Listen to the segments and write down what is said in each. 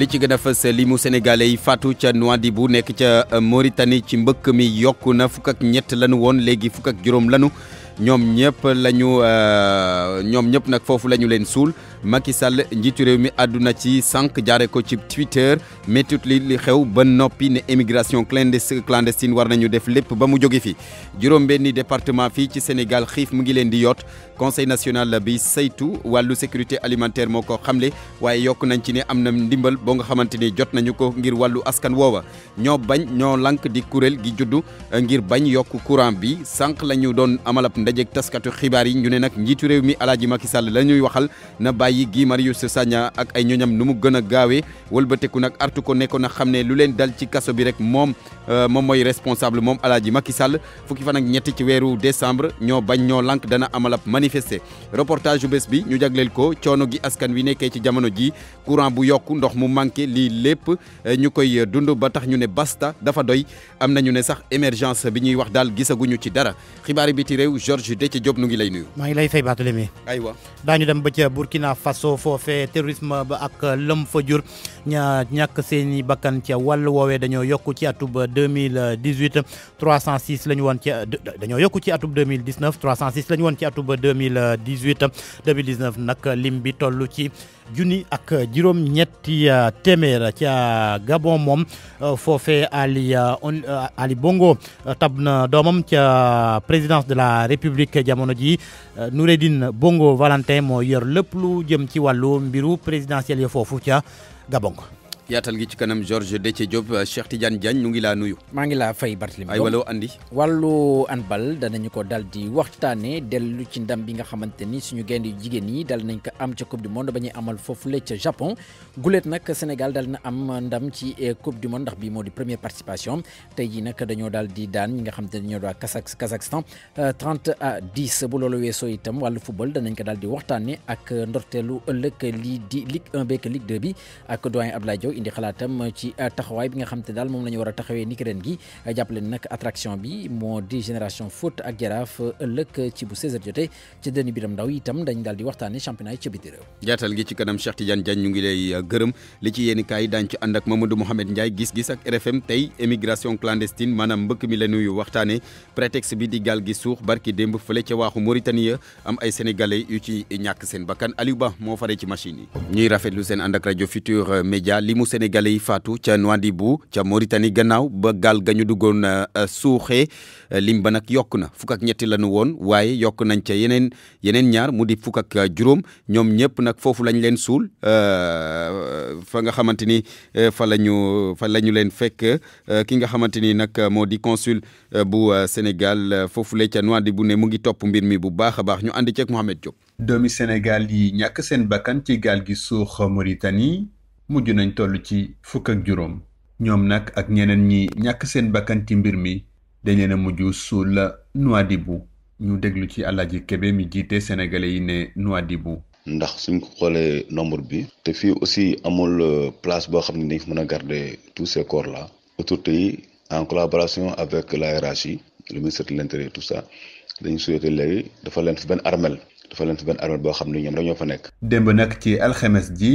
li ci gën a fës li mu sénégalais yi faatu ca bu nekk ca euh, Mauritanie ci mbëkk mi yokku na fukk ak ñett lanu woon léegi fukk ak juróom lanu ñoom ñëpp lañu euh, ñoom ñëpp nag foofu lañu leen suul Macky Sall njiitu réew mi àdduna ci sànq jaare ko ci Twitter méttit li li xew ba noppi ne émigration clandestine war nañu def lépp ba mu jóge fi juróom-benni département fii ci Sénégal xiif mu ngi leen di yoot conseil national bi saytu wàllu sécurité alimentaire moo ko xamle waaye yokk nañ ci ne am na ndimbal boo nga xamante ni jot nañu ko ngir wàllu askan woowa ñoo bañ ñoo lank di kuréel gi juddu eh, ngir bañ yokk courant bi sànq la ñu doon amalab ndaje taskatu xibaar yi ñu ne nag njiitu réew mi Alaaji Macky Sall la ñuy waxal bàyyi Marius Sagna ak ay ñooñam nu mu gën a gaawee artu ko nekkoon a xam lu leen dal ci kasso bi rek mom euh, mom moy responsable mom aladi Macky Sall fukki ñetti ci décembre ñoo bañ ñoo lank dana manifester reportage bu bes bi ñu Ascanvine ko coono gi askan wi nekké ci jamono ji courant bu yokk ndox mu manké li lépp euh, ñukoy euh, dundu ba tax ñu né basta dafa doy amna ñu né sax émergence bi ñuy wax dal gisaguñu ci dara xibaari ti rew Georges Déthié Diop ngi lay nuyu. ngi lay fay dem ba Burkina Faso foofee terrorisme ba ak euh, lëm fa jur ña ñàkk seen i bakkan ca wàll woowee dañoo yokk ci atub 2018 306 la ñu woon ci dañoo yokk ci atub 2019 306 la ñu woon ci atub 2018 2019 nag lim bi toll ci junni ak juróom ñetti euh, téeméer ca Gabon moom euh, foofe Ali euh, Ali Bongo tab na doomam ca présidence de la République jamono ji Noureddine Bongo Valentin moo yor lépp lu jëm ci wàllu mbiru présidentiel ya foofu ca Gabongo. yaatal gi ci kanam Georges Déthié Diop Cheikh Tidiane Diagne ñu ngi laa nuyu. maa ngi laa fay Barthélémy ay waloo andi. wàllu handball danañu ko dal di waxtaanee dellu ci ndam bi nga xamante ni suñu gaynde yu jigéen ñi dal nañ ko am ca coupe du monde ba ñuy amal le ca Japon. gulet nak Sénégal dal na am ndam ci eh, coupe du monde ndax bii moo di première participation tey ji nak dañoo dal di daan ñi nga xamante ni ñoo doon Kazakhstan 30 euh, à 10 bu loolu weesoo itam wàllu football danañ ko dal di waxtaanee ak ndorteelu ëllëg lii di Ligue 1 beeg Ligue 2 bi ak doyen Abdoulaye Diop indi euh, bi nga xam te daal moom la ñu a taxawee niki ren euh, euh, gi ci kanam Cheikh Tidiane Diagne ñu ngi lay gërëm li ci yéen i kaay daañu ci ànd ak Mamadou Mouhamed Ndiaye gis-gis ak RFM tey émigration clandestine maanaam mbëkk mi la nuyu waxtaanee prétexte bi di gaal gi suux barki démb fële ca waaxu am ay sénégalais yu ci ñàkk seen bakkan Aliou Ba moo faree ci machine yi ñuy rafetlu seen ànd ak rajo Futur Média li sénégalais yi faatu ca bu ca Mauritanie gannaaw ba gaal gañu ñu duggoon euh, euh, suuxee euh, lim ba nag yokk na fukk ak ñetti lañu woon waaye yokk nañ ca yeneen yeneen ñaar mu di fukk ak juróom ñoom ñëpp nag foofu lañ leen suul fa nga xamante ni fa lañu ñu fa leen fekk ki nga xamante ni nag moo di consul bu Sénégal foofule ca bu ne mu ngi topp mbir mi bu baax a baax ñu ànd ceeg Mohamed Diop. doomi Sénégal yi ñàkk seen bakkan ci gaal gi suux Mauritanie. mujj nañ toll ci fukk ak juróom ñoom nag ak ñeneen ñi ñàkk seen bakkan ci mbir mi dañ leen a mujj suul la noadibu ñu déglu ci alaji kebe mi jiite sénégalais yi ne noadibu ndax suñ ko xoolee nombre bi te fii aussi amul euh, place boo xam ne dañ mën a garder tous ces corps là autorité yi en collaboration avec la hiérarchie le ministère de l' l'intérieur tout ça dañ souhaité léegi dafa leen fi benn armel dafa leen fi benn armel boo xam ne ñoom dañoo fa nekk démb nag ci alxemes ji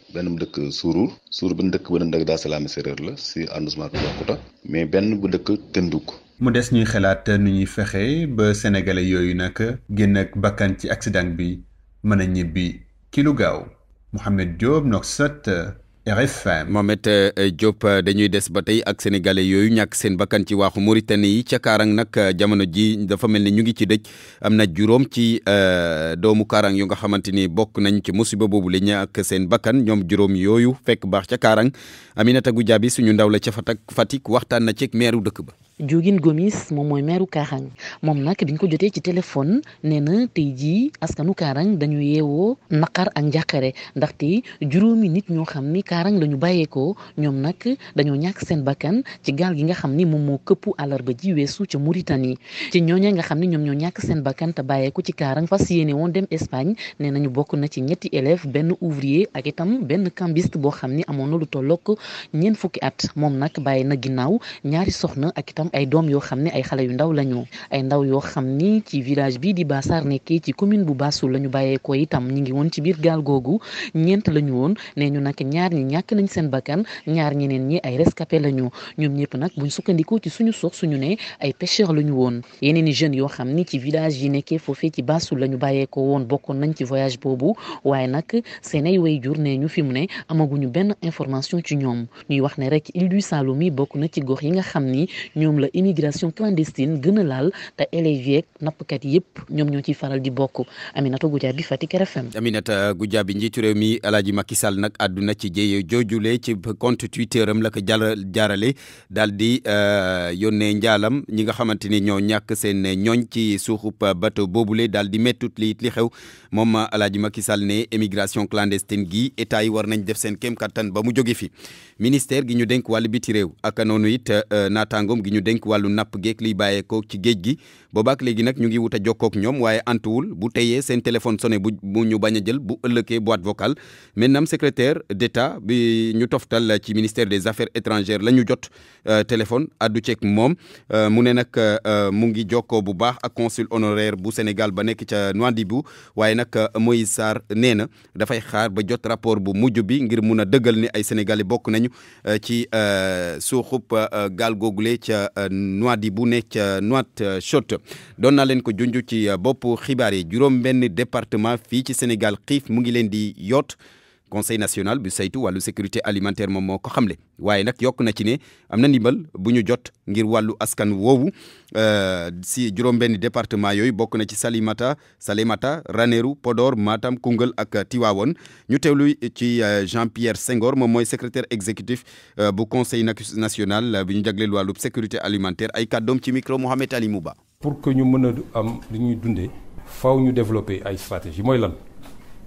benn bu dëkk Suuruur Suuruur benn dëkk beneen dëkk daa salaami séeréer la si arrondissement bi Toubacouta mais benn bu dëkk Tënduk mu des ñuy xalaat nu ñuy fexe ba sénégalais yooyu nag génn bakkan ci accident bi mën a ñibbi ci lu gaaw Mouhamed Diop Noxat RFM Mohamed eh, eh, Diop eh, dañuy des ba tey ak sénégalais yooyu ñàkk seen bakkan ci waaxu Mauritanie yi ca Kaarang nag jamono ji dafa mel ni ñu ngi ci dëj am na juróom ci doomu Kaarang yu nga xamante ni bokk nañ ci musiba boobu li ñàkk seen bakkan ñoom juróom yooyu fekk baax ca Kaarang Aminata Goudiaby suñu ndaw la ca Fatick Fatick waxtaan na ceeg meeru dëkk ba. Diogine Gomis moom mooy meeru Kaarang moom nag ñu ko jotee ci téléphone nee na tey jii askanu Kaarang dañu yeewoo naqar ak njàqare ndaxte juróomi nit ñoo xam ni Kaarang la ñu bàyyeekoo ñoom nag dañoo ñàkk seen bakkan ci gaal gi nga xam ni moom moo këpp àllarba ji weesu ca Mauritanie ci ñooña nga xam ni ñoom ñoo ñàkk seen bakkan te bàyyeeku ci Kaarang fas yéene woon dem Espagne nee nañu bokk na ci ñetti élève benn ouvrier ak itam benn cambiste boo xam ni amoon na lu tollook ñeent fukki at moom nag bàyyi na ginnaaw ñaari soxna ak itam ay doom yoo xam ne ay xale yu ndaw lañu ay ndaw yoo xam ci village bi di Bassar nekkee ci commune bu Bassoul lañu ñu ko itam ñi ngi woon ci biir gaal googu ñeent lañu woon ñu nag ñaar ñi ñàkk nañ seen bakkan ñaar ñeneen ñi ay rescapé lañu ñoom ñëpp nag buñ sukkandikoo ci suñu sox suñu ne ay pêcheur lañu ñu woon yeneen i jeunes yoo xam ni ci village yi nekkee foofee ci Bassoul lañu ñu ko woon bokkoon nañ ci voyage boobu waaye nag seen ay way jur nee ñu fi amaguñu benn information ci ñoom ñuy wax ne rek Île du Saloum na ci gox yi nga xam ni ñoom la immigration clandestine gën a laal te élèves yeeg nappkat yëpp ñoom ñoo ciy faral di bokk Aminata Goudiaby Fatick RFM. Aminata Goudiaby njiitu réew mi El Hadj Macky Sall nag àdduna ci jéye joojule ci compte Twitter am la ko jaarale daal di euh, yónnee njaalam ñi nga xamante ni ñoo ñàkk seen ñooñ ci suuxub bateau boobule daal di mettut li li xew moom El Hadj Macky Sall ne immigration clandestine gi état yi war nañ def seen kéem kattan ba mu jóge fi ministère gi ñu denk wàllu biti réew noonu it euh, naataangoom gi ñu ñu walu nap napp li baye ko ci géej gi boobaak léegi ñu ngi wuta a jokkook ñoom bu teyé sen téléphone sonné bu ñu baña jël bu boîte vocale menam secrétaire d'État bi ñu toftal ci ministère des affaires étrangères la jot euh, téléphone addu ak mom euh, mu ne nak euh, mu ngi jokkoo bu baax ak consul honoraire bu Sénégal ba nek ci Nouadhibou waye nak Moïse Sarr nee na xaar ba jot rapport bu mujj bi ngir mëna Sénégal dëggal ni ay sénégalais bokk nañu ci gal ci Euh, bu nekk euh, Nouakchott euh, doon naa leen ko junj ci boppu xibaar yi juróom benn département fii ci Sénégal xiif mu ngi leen di yoot conseil national bu saytu walu sécurité alimentaire mom ko xamle waaye nag na ci ne am na ndimbal buñu jot ngir walu askan woowu euh, si juroom ben département yoy bokk na ci Salimata Salimata Raneru Podor Matam kungel ak Tiwawon. ñu tewlu ci euh, Jean Pierre Senghor mooy secrétaire exécutif euh, bu conseil national bi ñu walu sécurité alimentaire ay kaddom ci micro Mohamed Ali Mouba. pour que ñu mën am li ñuy faaw ñu développer ay stratégie moy lan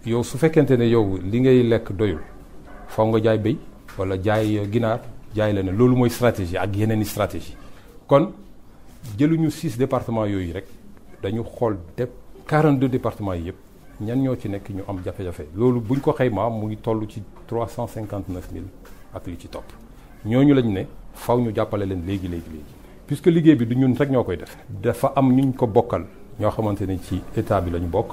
yow su fekkente ne yow li ngay lekk doyul faw nga jaay béy wala jaay euh, ginaar jaay la ne loolu mooy stratégie ak yeneen i stratégie kon jëluñu six départements yooyu rek dañu xool de 42 départements yi yëpp ñan ñoo ci nekk ñu am jafe-jafe loolu buñ ko xaymaa mu ngi toll ci 359 000 ak li ci topp ñooñu lañ ne faw ñu jàppale leen léegi léegi léegi puisque liggéey bi du ñun rek ñoo koy def dafa am ñuñ ko bokkal ñoo xamante ne ci état bi la bokk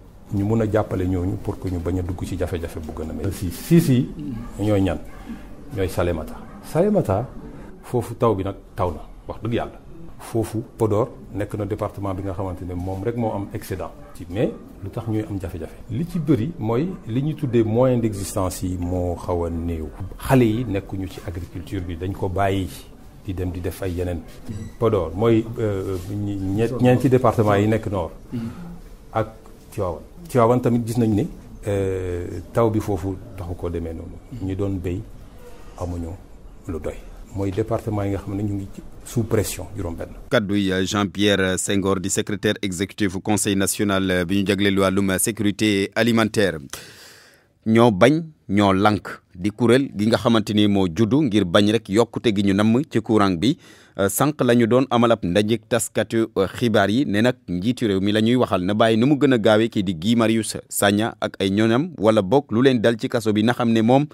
ñu mun a jàppale ñooñu pour que ñu bañ a dugg ci jafe-jafe bu gën a mel. si si si ñooy ñan ñooy salemata salemata foofu taw bi nag taw na wax dëgg yàlla. foofu Podor nekk na département bi nga xamante ne moom rek moo am excédent. ci mais lu tax ñuy am jafe-jafe. li ci bëri mooy li ñu tuddee moyen d'existence yi moo xaw a néew. xale yi nekkuñu ci agriculture bi dañ ko bàyyi di dem di def ay yeneen. Podor mooy euh, euh, ñeenti département yi nekk nord. Mm-hmm. ak Tivaouane. Tiwaawan tamit gis nañ ne euh, taw bi foofu taxu ko demee noonu. ñu doon béy amuñu lu doy. mooy département yi nga xam ne ñu ngi sous pression juróom-benn. kaddu yi Jean Pierre Senghor di secrétaire exécutif conseil national bi ñu jagleel wàllum sécurité alimentaire ñoo bañ. ñoo lank di kuréel gi nga xamante ni moo juddu ngir bañ rek yokkute gi ñu namm ci courant bi euh, sànq la doon amal ab ndajeg taskatu euh, xibaar yi ne nag njiitu réew mi la waxal na di Marius Sanya ak ay ñoñam wala bok lu leen dal ci kaso bi na xam ne moom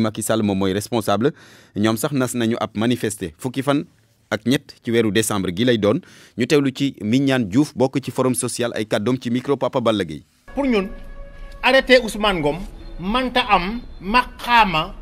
Macky Sall moom mooy responsable ñoom sax nas nañu ab manifester fukki fan ak ñett ci weeru décembre gi lay doon ñu teewlu ci Mignane Diouf ci forum social ay kàddoom ci micro Papa Balla Gueye pour ñun arrêté Ousmane manta am maxama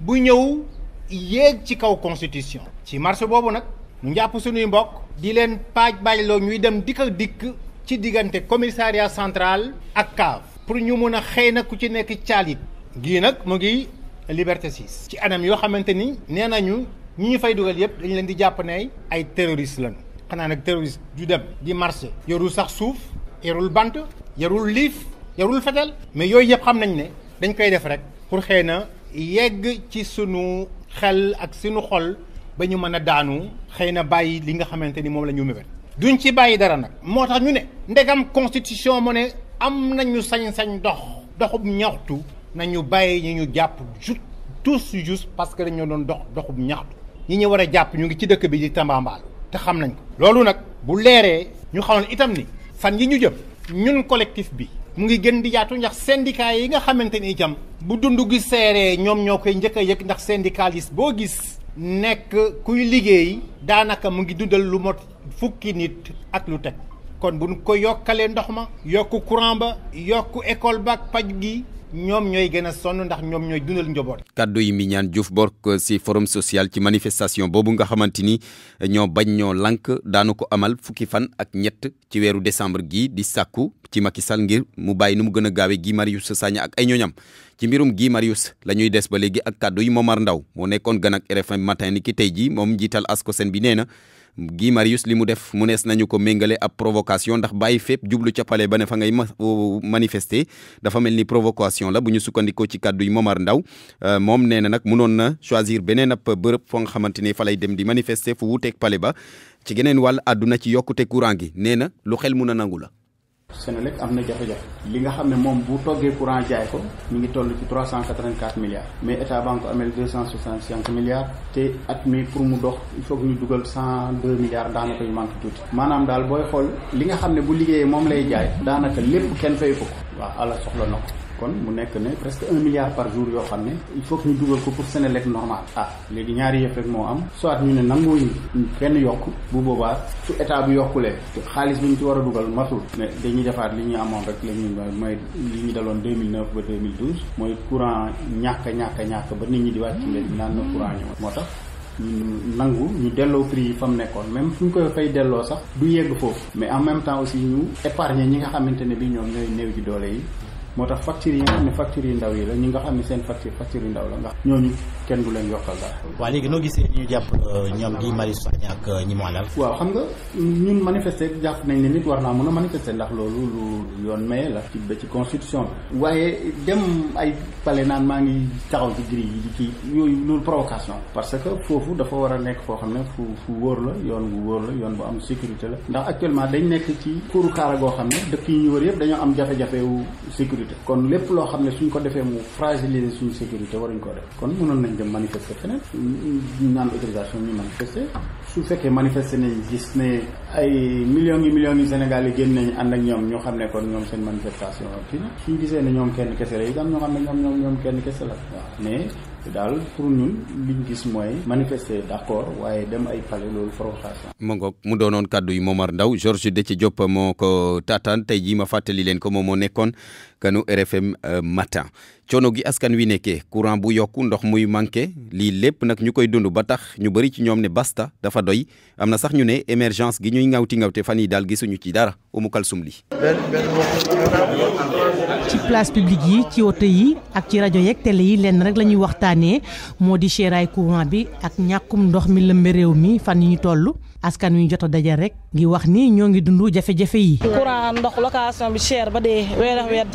bu ñëw yéeg ci kaw constitution ci marché boobu nag ñu jàpp sunuy mbokk di leen paaj baajloo ñuy dem dikk dikk ci diggante commissariat central ak cave pour ñu mun a xëy na ku ci nekk caalit gi nag mu ngi liberté 6 ci anam yoo xamante ni nee nañu ñu ñu fay dugal yëpp dañ leen di jàpp ne ay terroriste lañu xanaa nag terroriste ju dem di marché yorul sax suuf yorul bant yorul liif yorul fetel mais yooyu yëpp xam nañ ne dañ koy def rek pour xëy yegg ci sunu xel ak sunu xol ba ñu daanu xëy na li nga xamante ni la ñu duñ ci bàyyi dara nag moo ñu ne ndegam constitution am nañu sañ-sañ dox doxub ñaxtu nañu bàyyi ñu jàpp tous juste parce que dañoo doon dox doxub ñaxtu ñi ñu war a ñu ngi ci dëkk bi di te xam nañ ko loolu nag bu leeree ñu xamal itam ni fan yi ñu jëm ñun collectif bi mu ngi gën di yaatu ndax syndicat yi nga xamante ni itam bu dund gu seeree ñoom ñoo koy njëkk a yëg ndax syndicaliste boo gis nekk kuy liggéey daanaka mu ngi dundal lu mot fukki nit ak lu teg kon buñ ko yokkalee ndox ma yokk courant ba yokk école ba ak paj gi ñoom ñooy gën a sonn ndax ñoom ñooy dundal njaboot. kaddu yi mi ñaan Diouf bokk si forum social ci manifestation boobu nga xamante ni ñoo bañ ñoo lank daanu ko amal fukki fan ak ñett ci weeru décembre gii di sàkku ci Macky Sall ngir mu bàyyi nu mu gën a gaawee Guy Marius Sagna ak ay ñooñam ci mbirum Guy Marius la ñuy des ba léegi ak kaddu yi Momar Ndaw moo nekkoon gën ak RFM matin ni ki tey jii moom njiital Ascosen bi nee na. Guy Marius li mu def mu nees nañu ko méngale ab provocation ndax bàyyi fépp jublu ca palais ba ne fa ngay euh, manifester dafa mel ni provocation la bu ñu sukkandikoo ci kàddu yi Momar Ndaw euh, moom nee na nag munoon na choisir beneen ab bërëb foo nga xamante ne fa lay dem di manifester fu wuuteeg palais ba ci geneen wàll àdduna ci yokkute courant gi nee na lu xel mun a nangu la Senelec am na jafe-jafe li nga xam ne moom bu toggee courant jaay ko mi ngi toll ci 384 milliards mais état banque amel 265 milliards te at mi pour mu dox il faut que ñu dugal 102 milliards daanaka ñu manque tuuti maanaam daal booy xool li nga xam ne bu liggéeyee moom lay jaay daanaka lépp kenn fay ko waaw ala soxla na ko kon mu nekk ne presque un milliard par jour yoo xam ne il faut ñu dugal ko pour Senelec normal ah léegi ñaari yëf rek moo am soit ñu ne nanguwuñ kenn bu boobaa su état bi yokkulee xaalis bi ñu ci war a dugal matul mais dañuy defaat li ñu amoon rek la ñu mooy li ñu daloon 2009 ba 2012 mooy courant ñàkk a ñàkk a ñàkk ñi di wàcc ci mbedd naan na courant moo tax ñu nangu ñu delloo prix yi fa mu nekkoon même fu ñu koy fay delloo sax du yegg foofu mais en même temps aussi ñu épargne ñi nga xamante ne bi ñoom ñooy new ji doole yi moo tax facture yi nga xam ne facture yu ndaw yi la ñi nga xam ne seen facture facture yu ndaw la nga ñooñu kenn du leen yokkal dara. waaw léegi noo gisee ñu jàpp euh, ñoom di Mari Sagna ak euh, ñi waaw xam nga ñun manifester jàpp nañ ne nit war naa mën a manifester ndax loolu lu yoon maye la. ci ba ci constitution bi. waaye dem ay pale naan maa ngi taxaw ci gris yi di kii yooyu loolu provocation. parce que foofu dafa war a nekk foo xam ne fu fu wóor la yoon bu wóor la yoon bu am sécurité la. ndax actuellement dañ nekk ci kuuru kaara goo xam ne dëkk yi ñu wër yëpp dañoo am jafe wu sécurité. kon lépp loo xam ne suñ ko defee mu fragiliser suñ sécurité waruñ ko def kon dem manifester feneen ñu naan autorisation ñu manifester su fekkee manifester nañ gis ne ay millions yi millions yi sénégalais yi génn nañ ànd ak ñom ñu xamné kon ñom seen manifestation kii na suñ gisee ne ñoom kenn kese la itam ñoo xam ñom ñoom ñoom kenn kese la mais daal pour ñun liñ gis moy manifester d'accord waaye dem ay palais loolu provocation mo ngok mu doonoon cadeau yi Momar Ndaw Georges Dethie Diop moo ko taataan tey jii ma fatali len ko momo moo nekkoon kanu RFM euh, matin coono gi askan wi nekkee courant bu yokk ndox muy manqué lii lépp nag ñu koy dund ba tax ñu bari ci ñoom ne basta dafa doy am na sax ñu ne émergence gi ñuy ngawti ngawte fan yi daal gisuñu ci dara umu kalsum li ci place publique yi ci oto yi ak ci rajo yeeg télé yi lenn rek la ñuy waxtaanee moo di chéraay courant bi ak ñàkkum ndox mi la réew mi fan yi ñu toll askan wi jot a dajal rek ngi wax ni ñoo ngi dund jafe-jafe yi. courant ndox location bi cher ba dee weer ak weer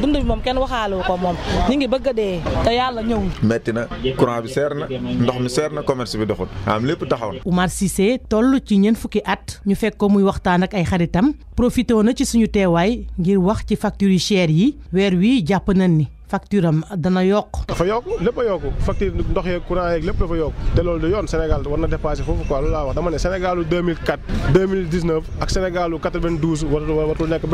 dund bi moom kenn waxaale ko moom ñu ngi bëgg a dee te yàlla ñëw. metti na courant bi seer na ndox mi seer na commerce bi doxul am lépp taxaw na. Oumar Cissé toll ci ñeent fukki at ñu fekk ko muy waxtaan ak ay xaritam profité na ci suñu teewaay ngir wax ci factures yu yi weer wii jàpp nañ ni. facture am dana yokk. dafa yokk lépp a yokk facture ndox yeeg courant yeeg dafa yokk te loolu du yoon Sénégal war na dépassé foofu quoi loolu laa wax dama ne Sénégalu 2004 2019 ak Sénégalu 92 waratu waratu nekk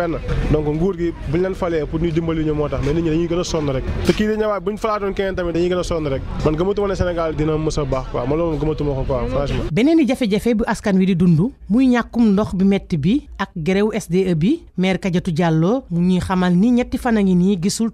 ñu a falaatoon keneen tamit dañuy gën sonn rek man gëmatuma ne Sénégal dina mës a baax quoi ma loolu gëmatuma ko quoi franchement. beneen i jafe-jafe bu askan wi di dund muy ñàkkum ndox bi métti bi ak gréwu SDE bi maire Kadiatou Diallo mu ñuy xamal ni ñetti fan a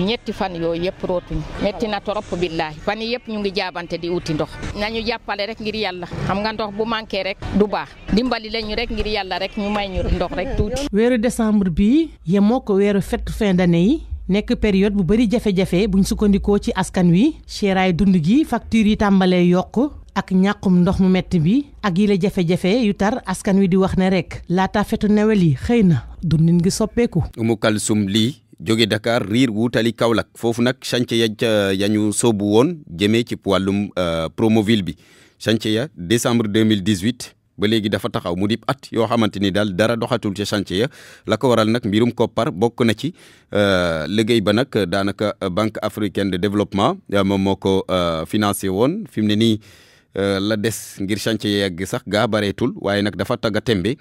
ñetti fan yooyu yëpp rootuñ metti na torop billaahi fan yii yëpp ñu ngi jaabante di uti ndox nañu jàppale rek ngir yàlla xam nga ndox bu rek du baax dimbali lañu rek ngir yàlla rek ñu may ñu ndox rek tuuti. weeru décembre bi yemoo ko weeru fête fin d'année yi période bu bëri jafe-jafe buñ sukkandikoo ci askan wi seeraay dund gi facture yi tàmbalee yokk ak ndox mu metti bi ak yile jafe-jafe yu tar askan wi di wax ne rek laata fetu newel yi xëy na dundin gi soppeeku. Umu Kalsum jóge Dakar riir wutali Kaolack foofu nag chantier ya ca yañu soobu woon jëmee ci wàllum euh, Promoville bi chantier ya décembre 2018 ba léegi dafa taxaw mu dib at yoo xamante ni daal dara doxatul ca chantier la ko waral nag mbirum koppar bokk na ci euh, liggéey ba nag daanaka Banque africaine de développement euh, moom moo ko financé woon fi mu ne nii la des ngir chantier yegg sax gaa bareetul waaye nag dafa tagga tembe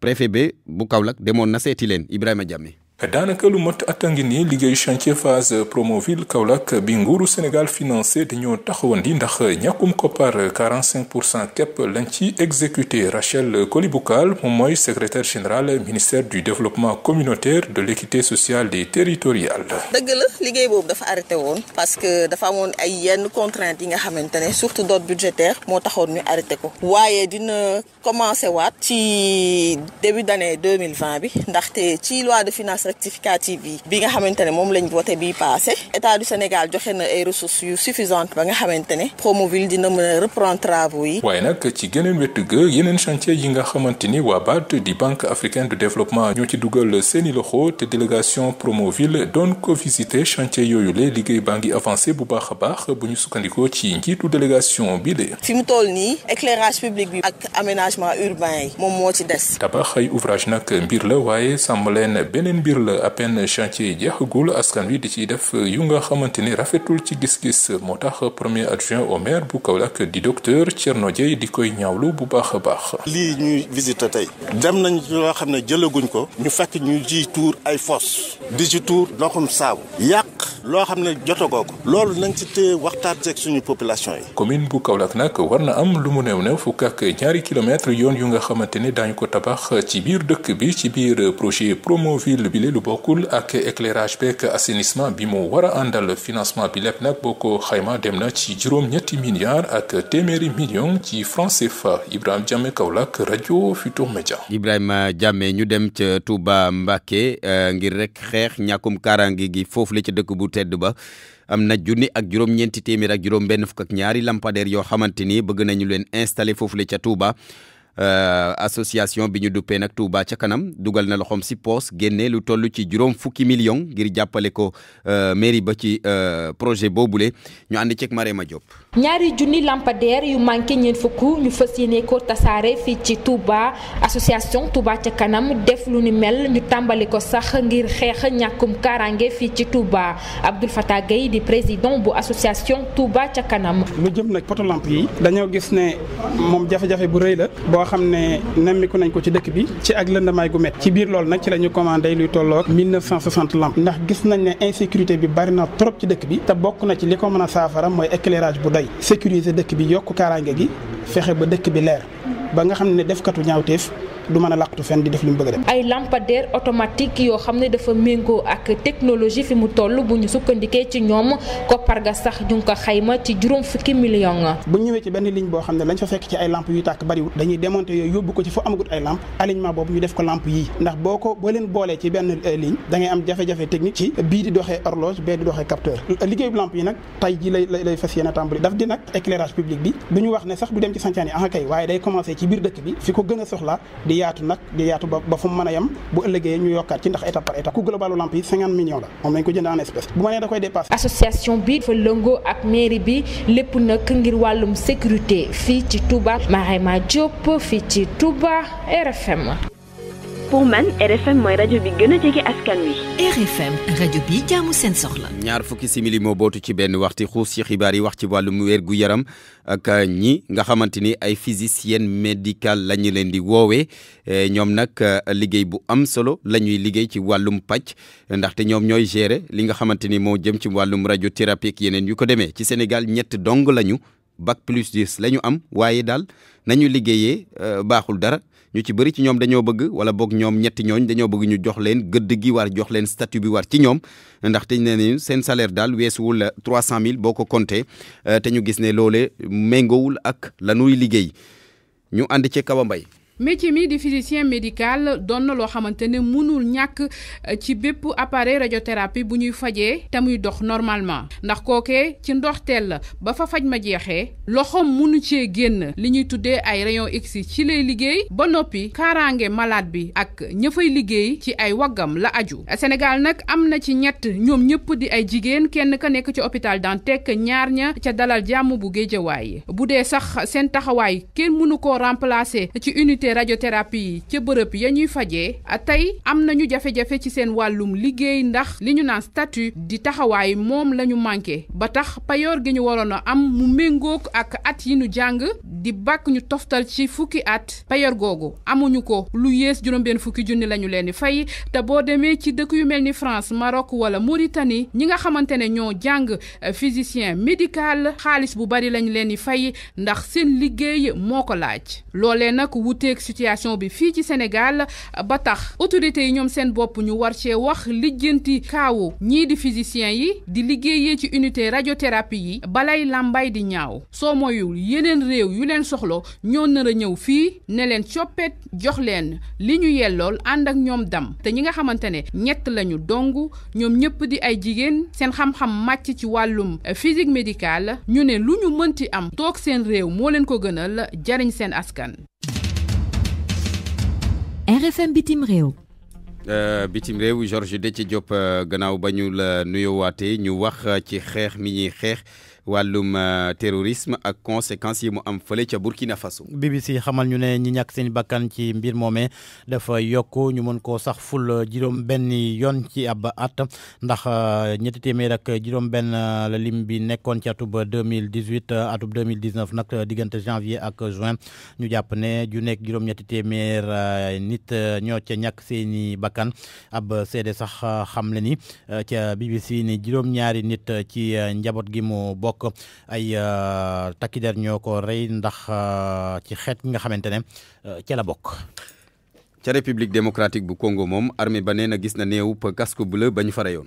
préfet bi bu kawlak demoon na seeti leen Ibrahima Diame Dans lu mat at a ngi chantier phase promoville Kaolack bi nguuru Sénégal financé dañoo taxawandi ndax ñàkkum par 45 pour cent exécuté Rachel Coliboukal, moom mooy secrétaire général ministère du développement communautaire de l'équité sociale et territoriale. dëgg la liggéey boobu dafa arrêté parce que dafa amoon ay yenn contraintes yi nga xamante surtout d'ordre budgétaire moo taxoon ñu arrêté ko. waaye dina commencé waat. ci début d' année 2020 bi ndaxte ci loi de finance rectificative yi bi nga xamantene mom lañ voté bi passé état du Sénégal joxé na ay ressources yu suffisantes ba nga xamantene Promoville dina mëna a reprendre travaux yi. waaye nak ci geneen wetu ga yeneen chantier yi nga xamanteni wa waa BAD di Banque africaine de développement ñoo ci duggal seeni loxo te délégation Promoville doon ko visiter chantier yoyu la liggéey baa ngi avancé bu baax a baax bu ñu sukkandikoo ci njiitu délégation bi dé fi mu toll ni éclairage public bi ak aménagement urbain yi moom moo ci des. tabax ay ouvrage nak mbir la waye sàmm leen mbir ngir la à peine chantier yi jeexagul askan wi di ci def yu nga xamanteni rafetul ci gis-gis motax premier adjoint au maire bu Kaolack di docteur Thierno Dieye di koy ñaawlu bu baax baax. li ñuy visité tay dem nañ ci loo xam ne jëlaguñ ko. ñu fekk ñu ji tour ay fosse di ci tuur ndoxum saabu. yàq loo xam ne jotagoo loolu nañ ci téye waxtaan ceeg suñu population yi. commune bu Kaolack nag war na am lu mu néew néew fukk ak ñaari kilomètres yoon yu nga xamante ni daañu ko tabax ci biir dëkk bi ci biir projet Promoville bi dimbali lu bokkul ak éclairage beeg assainissement bi mu war a àndal financement bi lépp nag boo xayma dem na ci juróom-ñetti milliards ak téeméeri millions ci franc CFA Ibrahima kaw lak rajo Futur Média. Ibrahima Diame ñu dem ca Touba Mbacké euh, ngir rek xeex ñàkkum kaaraange gi foofu la ca dëkk bu tedd ba. am na junni ak juróom-ñeenti téeméer ak juróom benn fukk ak ñaari lampadaire yoo xamante ni bëgg nañu leen installé foofu la ca Touba. Euh, association bi ñu duppee Touba ca kanam dugal na loxom si poos génne lu tollu ci juróom fukki million ngir jappalé ko euh, mairie ba ci euh, projet bobule ñu ci ceeg Marema Diop. ñaari junni lampadaire yu manké ñeent ñu ko tasaare ci Touba association Touba ca kanam def lu ni mel ñu tàmbali ko sax ngir xéx ñakum karangé fi ci Touba Abdoul Fattah Gueye di président bu association Touba ca kanam. lu jëm nak poto lampe yi dañu gis né mom jafé jafé bu reuy la xam ne nemmiku nañ ko ci dëkk bi ci ak lëndamaay gu met ci biir loolu nag ci la commandé luy tolloog 1960 lamp ndax gis nañ ne insécurité bi bari na trop ci dëkk bi te bokk na ci li ko mën a saafara mooy éclairage bu doy sécuriser dëkk bi yokk kaaraange gi fexe ba dëkk bi leer ba nga xam ne defkatu ñaawteef du mën a làqatu fenn di def li mu bëgg a ay lampadaire automatique yoo xam ne dafa méngoo ak technologie fi mu toll bu ñu sukkandikee ci ñoom koppar ga sax ñu ngi ko xayma ci juróom fukki millions nga. bu ñëwee ci benn ligne boo xam ne lañ fa fekk ci ay lamp yuy tàkk bariwul dañuy démonter yooyu yóbbu ko ci fu amagut ay lamp alignement boobu ñu def ko lamp yii ndax boo ko boo leen boolee ci benn euh, ligne da ngay am jafe-jafe technique ci bii di doxee horloge bee di doxee capteur liggéeyu lamp yi nag tay ji lay lay fas yéene tàmbali daf di bu ñu wax ne sax du dem ci santaan yi ah waaye day commencé ci biir dëkk bi fi ko gën a soxla yaatu nag yaatu ba ba fu mu mën a yem bu ëllëgee ñu yokkaat ci ndax étape par étape ku globalu lamp yi 50 la moom lañ ko jënd en espèce bu ma nee da koy dépassé. association bi dafa lëngoo ak mairie bi lépp nag ngir wàllum sécurité fii ci Touba Marema Diop fii ci Touba RFM. RFM mooy rajo bi soxla. ñaar fukki simili moo bootu ci benn waxtu xuus ci xibaar yi wax ci wàllum wér gu yaram ak ñi nga xamante ni ay physicien médical la ñu leen di woowee eh, ñoom nag eh, liggéey bu am solo lañuy liggéey ci wàllum pàcc ndaxte ñoom ñooy gérer li nga xamante ni moo jëm ci wàllum radiothérapie ak yeneen yu ko demee ci senegal ñett dong lañu bac plus 10 la am waaye dal nañu liggéeye eh, baaxul dara. ñu ci bëri ci ñoom dañoo bëgg wala boog ñoom ñetti ñooñ dañoo bëgg ñu jox leen gëdd gi war jox leen statut bi waar ci ñoom ndax te ne ni seen salaire daal weesuwul trois cent mille boo ko compté euh, te ñu gis ne loole méngowul ak la nuy liggéey ñu ànd ci kaw mbay métier mi di physicien médical don lo xamantene xamante ne mënul ñàkk eh, ci bép appareil radiothérapie bu ñuy fajee tamuy dox normalement ndax kookee ci ndoxteel la ba fa faj ma jéxé loxoom mënu ci génn li ñuy tuddee ay rayon X ci lay liggéey ba nopi karangé malade bi ak ñafay fay liggéey ci ay wagam la aju Sénégal nak amna na ci ñett ñom ñëpp di ay jigéen kenn ka nekk ci hôpital Dantec ñaar ña ca dalal jamm bu géejawaay bu sax sen taxaway kenn mënu ko remplacer ci unité activité radiothérapie yi ca bërëb ya ñuy fajee tey am nañu jafe-jafe ci seen wàllum liggéey ndax li ñu naan statut di taxawaay moom lañu ñu manqué ba tax payoor gi ñu waroon a am mu méngook ak at yi ñu jàng di bàkk ñu toftal ci fukki at payoor googu amuñu ko lu yées juróom-benn fukki junni la ñu leen di fay te boo demee ci dëkk yu mel ni France Maroc wala Mauritanie ñi nga xamante ne ñoo jàng euh, physicien médical xaalis bu bari lañ leen di fay ndax seen liggéey moo ko laaj teg situation bi fii ci senegaal ba tax autorités yi ñoom seen bopp ñu war cee wax lijjanti kaawu ñii di physiciens yi di liggéeyee ci unité radiothérapie yi balay làmbay di ñaaw soo moyul yeneen réew yu leen soxlo ñoo nar a ñëw fii ne leen coppet jox leen li ñu yellool ànd ak ñoom dam te ñi nga xamante ne ñett lañu dong ñoom ñëpp di ay jigéen seen xam-xam màcc ci wàllum eh, physique médicale ñu ne lu ñu mënti am toog seen réew moo leen ko gënal jariñ seen askan RFM bitim réew. Euh, bitim réew Georges Déthié Diop euh, gannaaw ba ñu la nuyoowaatee ñu wax euh, ci xeex mi ñuy xeex. walum euh, terrorisme ak conséquences yi mu am fële ca Burkina Faso. BBC xamal ñu ne ñi ñàkk seen bakkan ci mbir moomee dafa yokk ñu mën koo sax ful euh, juróom benn yoon ci ab at ndax euh, ñetti téeméer ak juróom benn la lim bi nekkoon ci atub 2018 atub 2019 nag diggante janvier ak juin ñu jàpp ne ju nekk juróom ñetti téeméer nit ñoo ca ñàkk seen i bakkan ab seede sax xam le ni ca BBC ni juróom ñaari nit ci njaboot gi mu bokk bokk ay euh, takki der ñoo ko rey ndax euh, ci xeet gi nga xamante ne euh, ca la bokk. ca république démocratique bu Congo moom armée ba nee na gis na néewub casque bleu ba ñu fa reyoon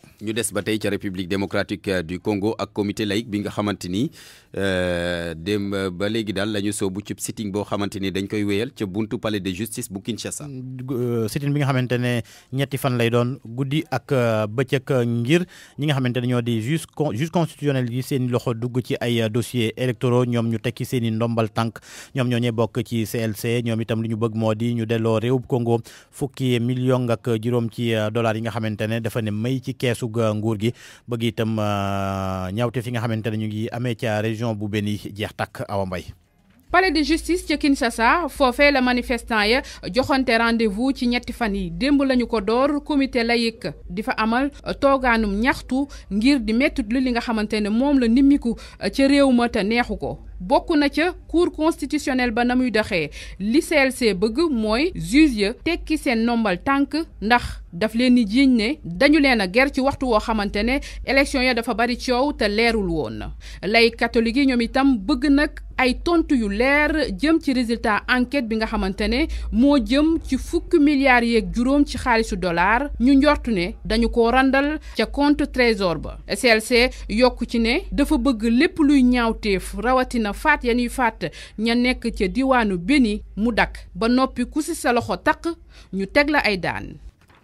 ñu des ba tey ca république démocratique euh, du Congo ak comité laïque bi nga xamante ni euh, dem euh, ba léegi daal la ñu soobu ci sitting boo xamante ni dañ koy wéyal ca buntu palais de justice bu Kinshasa. Mm, sitting bi nga xamante ne ñetti fan lay doon guddi ak bëccëg ngir ñi nga xamante ne ñoo di juge juge constitutionnel yi seen loxo dugg ci ay dossiers électoraux ñoom ñu tekki seen i ndombal tànk ñoom ñoo ñee bokk ci CLC ñoom itam lu ñu bëgg moo di ñu delloo réewum Congo fukki million ak juróom ci dollars yi nga xamante ne dafa may ci keesu. doxalug euh, nguur gi bëgg itam euh, ñaawte fi nga xamante ne ñu ngi amee ca région bu Béni jeex takk Awa mbay palais de justice ca sa foofee la manifestant ya joxante rendez-vous ci ñetti fan yi démb lañu ko door comité laïque di fa amal euh, toogaanum ñaxtu ngir di mettit lu li nga xamante ne moom la nimmiku ca réew ma te neexu ko bokk na ca cour constitutionnelle ba na muy doxee li CLC bëgg mooy juge ya tekki seen nombal tànk ndax daf leen di jiiñ ne dañu leen a ger ci waxtu woo xamante ne élection ya dafa bari coow te leerul woon na lay catholique yi ñoom itam bëgg nag ay tontu yu leer jëm ci résultat enquête bi nga xamante ne moo jëm ci fukk milliards yeeg juróom ci xaalisu dollar ñu njortu ne dañu ko randal ca compte trésor ba CLC yokku ci ne dafa bëgg lépp luy ñaawteef rawatina faat ya ñuy faat ña nekk ca diwaanu Béni mu dakk ba noppi ku si sa loxo taq ñu teg la ay daan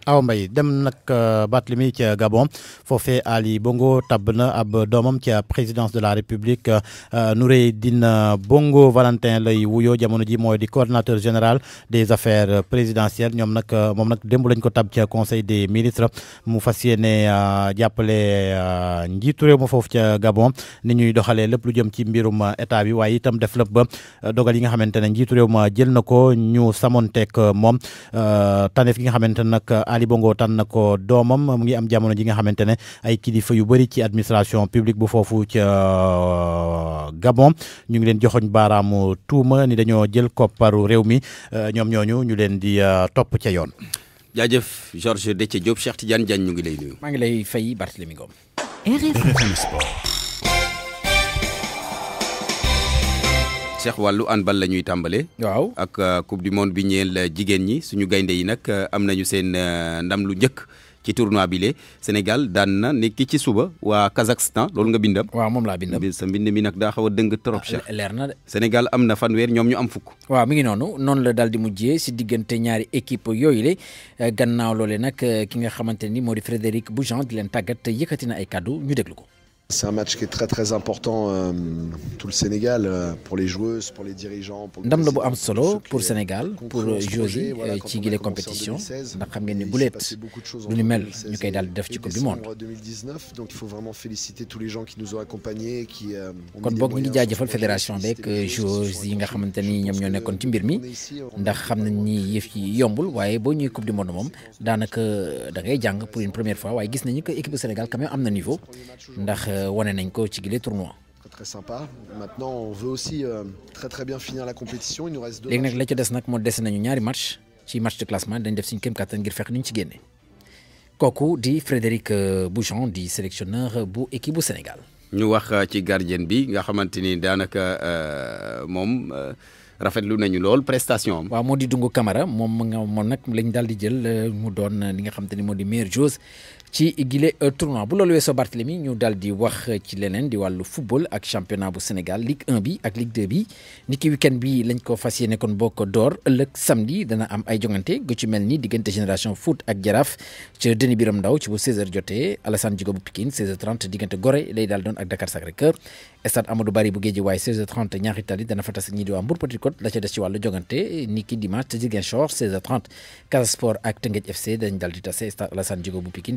Awa dem nak euh, Batlimi ca Gabon Fofé Ali Bongo tabna ab domam ca présidence de la République euh, Noureydine euh, Bongo Valentin lay wuyo jamono ji moy di coordinateur général des affaires présidentielles ñom nak mom nak démb lañ ko tab ca conseil des ministres mu fas jappelé jàppale njiitu réew Gabon ni ñuy doxalé lepp lu jëm ci mbirum état bi waye itam def lépp ba dogal yi nga xamante ne njiitu ma jël nako ñu samonté samonteeg mom tanef gi nga xamante nak Ali Bongo tànn na ko doomam mu ngi am jamono ji nga xamante ne ay kilifa yu bëri ci administration publique bu foofu ca euh, Gabon ñu ngi leen joxoñ baaraamu tuuma ni dañoo jël kopparu réew mi euh, ñoom ñooñu ñu leen di euh, topp ca yoon. jaajëf Georges Dethie Diop Cheikh Tidiane Diagne ñu ngi lay nuyu. maa ngi lay fay Barthélémy Ngom. Cheikh wàllu handball la ñuy tàmbale. waaw ak euh, coupe du monde bi ñeel euh, jigéen ñi suñu gaynde yi nag euh, am nañu seen ndam lu njëkk ci tournoi bi le Sénégal daan na nekk ci suba waa Kazakhstan loolu nga bindam. waaw moom laa bindam sa mbind mi nag daa xaw a dëng trop. Ah, leer na de. am na fanweer ñoom ñu am fukk. waaw mu ngi noonu noonu la daal di mujjee si diggante ñaari équipe yooyu le gannaaw loole nag ki nga xamante ni moo di Frédéric Boujean di leen tàggat yëkkati na ay kàddu ñu déglu ko. C'est un match qui est très très important euh, tout le Sénégal euh, pour les joueuses, pour les dirigeants. ndam la bu am solo pour le Sénégal pour joueurs yi les les compétition ndax xam ngeen ne bu lu ni mel ñu koy dal def ci coupe du monde. 2019, donc il faut vraiment féliciter tous les gens qui nous ont accompagnés qui. Euh, kon boog ñu fédération de joueurs yi nga xamante ni ñoo nekkoon ci mbir mi ndax xam ni yef ci yombul waye bo ñuy coupe du monde mom danaka da ngay jang pour une première fois waye gis nañu que équipe du Sénégal quand même am niveau ndax wane nañ ko ci gile tournoi. très sympa maintenant on veut aussi euh, très très bien finir la compétition il nous reste deux. léegi nag la ca des nag moo des nañu ñaari match ci match de classement dañ def suñu kéem kattan ngir fexe ni ci génne. kooku di Frédéric euh, Bouchon di sélectionneur bu équipe bu Sénégal. ñu wax euh, ci gardien bi nga xamante ni daanaka moom. rafetlu nañu lool prestation wa modi moo Dungu Camara mom nga moom lañ daldi jël mu don li nga xamanteni modi meilleur joueuse ci gile euh, tournoi bu loolu weesoo Barthélemy ñu daal di wax ci leneen di walu football ak championnat bu Sénégal Ligue 1 bi ak Ligue 2 bi niki weekend bi lañ ko fassiyé kon bokk ko door ëllëg samedi dana am ay jongante gu ci melni ni génération foot ak jaraaf ci deni Biram Ndaw ci bu 16h jotee Alassane Djigo bu Pikine 16h30 diggante Gorée lay dal doon ak Dakar Sacré-Cœur stade Amadou Barry bu Guédiawaye 16h30 ñaari tali dana fa tas ñi di wa Mbour Petite Côte la ci dess ci walu jongante niki dimanche ca Ziguinchor 16h30 Casa Sport ak Teungueth FC dañ daal di tase stade Alassane Djigo bu Pikine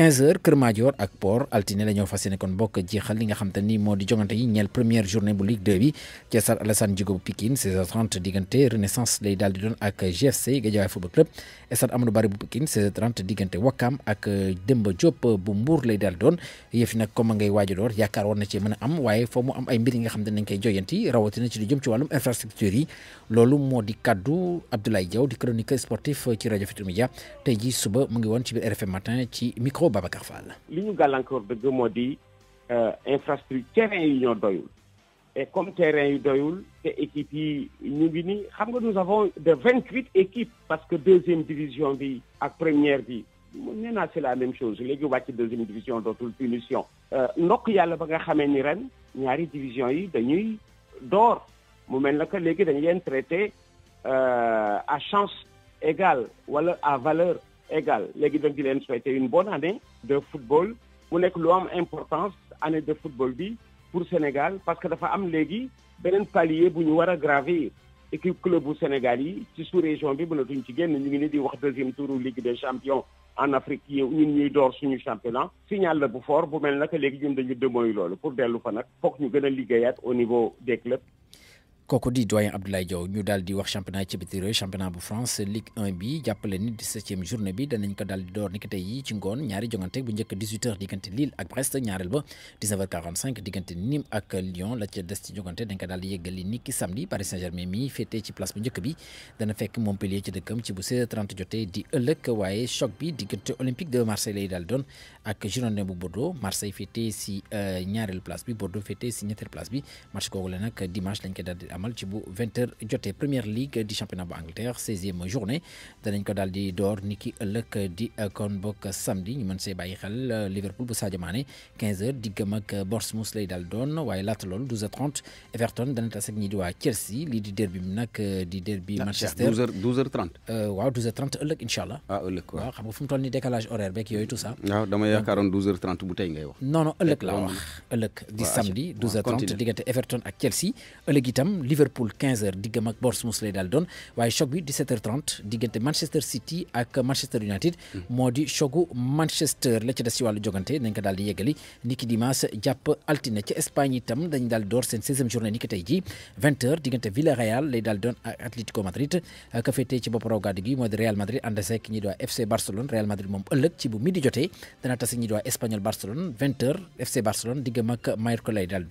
15 h Kër Madior ak Port altiné la ñoo fas kon bokk jeexal li nga xam te ni moo di jongante yi ñeel première journée bu Ligue 2 bi ci sar Alassane Djigo bu Pikine 16h30 diggante Renaissance lay daal di doon ak GFC Guédiawaye Football Club et sar Amadou Barry bu Pikine 16h30 diggante Wakam ak euh, Demba Diop bu Mbour lay daal doon yëf nag comme ngay waaj a door yaakaar war na ci mën a am waaye foo mu am ay mbir yi nga xam te nañ koy joyanti rawatina ci lu jëm ci wàllum infrastructure yi loolu moo di kaddu Abdoulaye Diaw di chroniqueur sportif ci radio Futurs Médias tey jii suba mu ngi woon ci biir RFM matin ci micro ko Babacar Fall. li ñu gàllankoor euh, infrastructure terrain yi ñoo et comme terrain yi doyul te équipes yi ñu nous avons de 28 équipes parce que deuxième division bi à première vie. mu c'est la même chose les wàcc deuxième division dootul punition euh, ndokk yàlla ba nga xamee ni ren ñaari division yi dañuy door mu mel na que léegi dañu leen traité euh, à chance égale wala à valeur égal Légui donc di len souhaiter une bonne année de football mu nek lu am importance année de football bi pour Sénégal parce que dafa am légui benen palier bu ñu wara gravé équipe club bu Sénégal yi ci sous région bi mënatuñ ci génn ñu ngi ni di wax deuxième tour Ligue des champions en Afrique yi ñun ñuy door suñu championnat signal la bu fort bu mel nak légui ñun dañu demooyu lolu pour dellu fa nak foog ñu gëna liggéeyat au niveau des clubs kooku di doyen Abdoulaye Diaw ñu daldi wax championnat ci biti championnat bu France Ligue 1 bi jàppale ni 17e journée bi danañ ko daldi door niki tey yi ci ngone ñaari jongante bu ñëk 18h digante Lille ak Brest ñaareel ba 19h45 digante Nîmes ak Lyon la ci des ci jongante dañ ko daldi yeggali niki samedi Paris Saint-Germain mi fété ci place bu ñëk bi dana fekk Montpellier ci dëkkam ci bu 16h30 jotee di ëllëg waaye choc bi diggante Olympique de Marseille lay daal doon ak Girondins bu Bordeaux Marseille fété si euh, ñaareelu place bi Bordeaux fété si ñetteelu place bi match googu nak dimanche lañ ko daldi amal ci bu 20h jotee première ligue di championnat bu Angleterre 16e journée danañ ko daldi di door ni ëllëg di kon bokk samedi ñu mën see bàyyi xel euh, Liverpool bu Sadio Mané 15h diggam ak Bournemouth lay dal doon waaye lat 12h30 Everton dana tas ak ñi di waa Chelsea lii di derby bi nag euh, di derby ah, Manchester 12h euh, 12h30. waaw 12h30 ëllëg incha allah. ah ëllëg quoi. xam nga fu mu toll ni décalage horaire beeg yooyu tout ça. waaw ah, dama yaakaaroon 12h30 bu tey ngay wax. non non ëllëg laa wax di samedi 12h30 diggante Everton ak Chelsea ëllëg itam. Liverpool 15h digamak ak Borsmus lay daal choc bi 17h30 Manchester City ak Manchester United. modi di Manchester la ci des ci walu jogante nañ ko daal di dimanche japp altine ci Espagne tam dañ dal dor sen 16e journée niki ki 20h diggante Villarreal lay dal ak Atlético Madrid ka féetee ci bopp Real Madrid Andesek, seek ñi do FC Barcelone Real Madrid mom ëllëg ci bu midi joté dana tass ñi do Espagnol Barcelone 20h FC Barcelone diggam ak Mallorca lay dal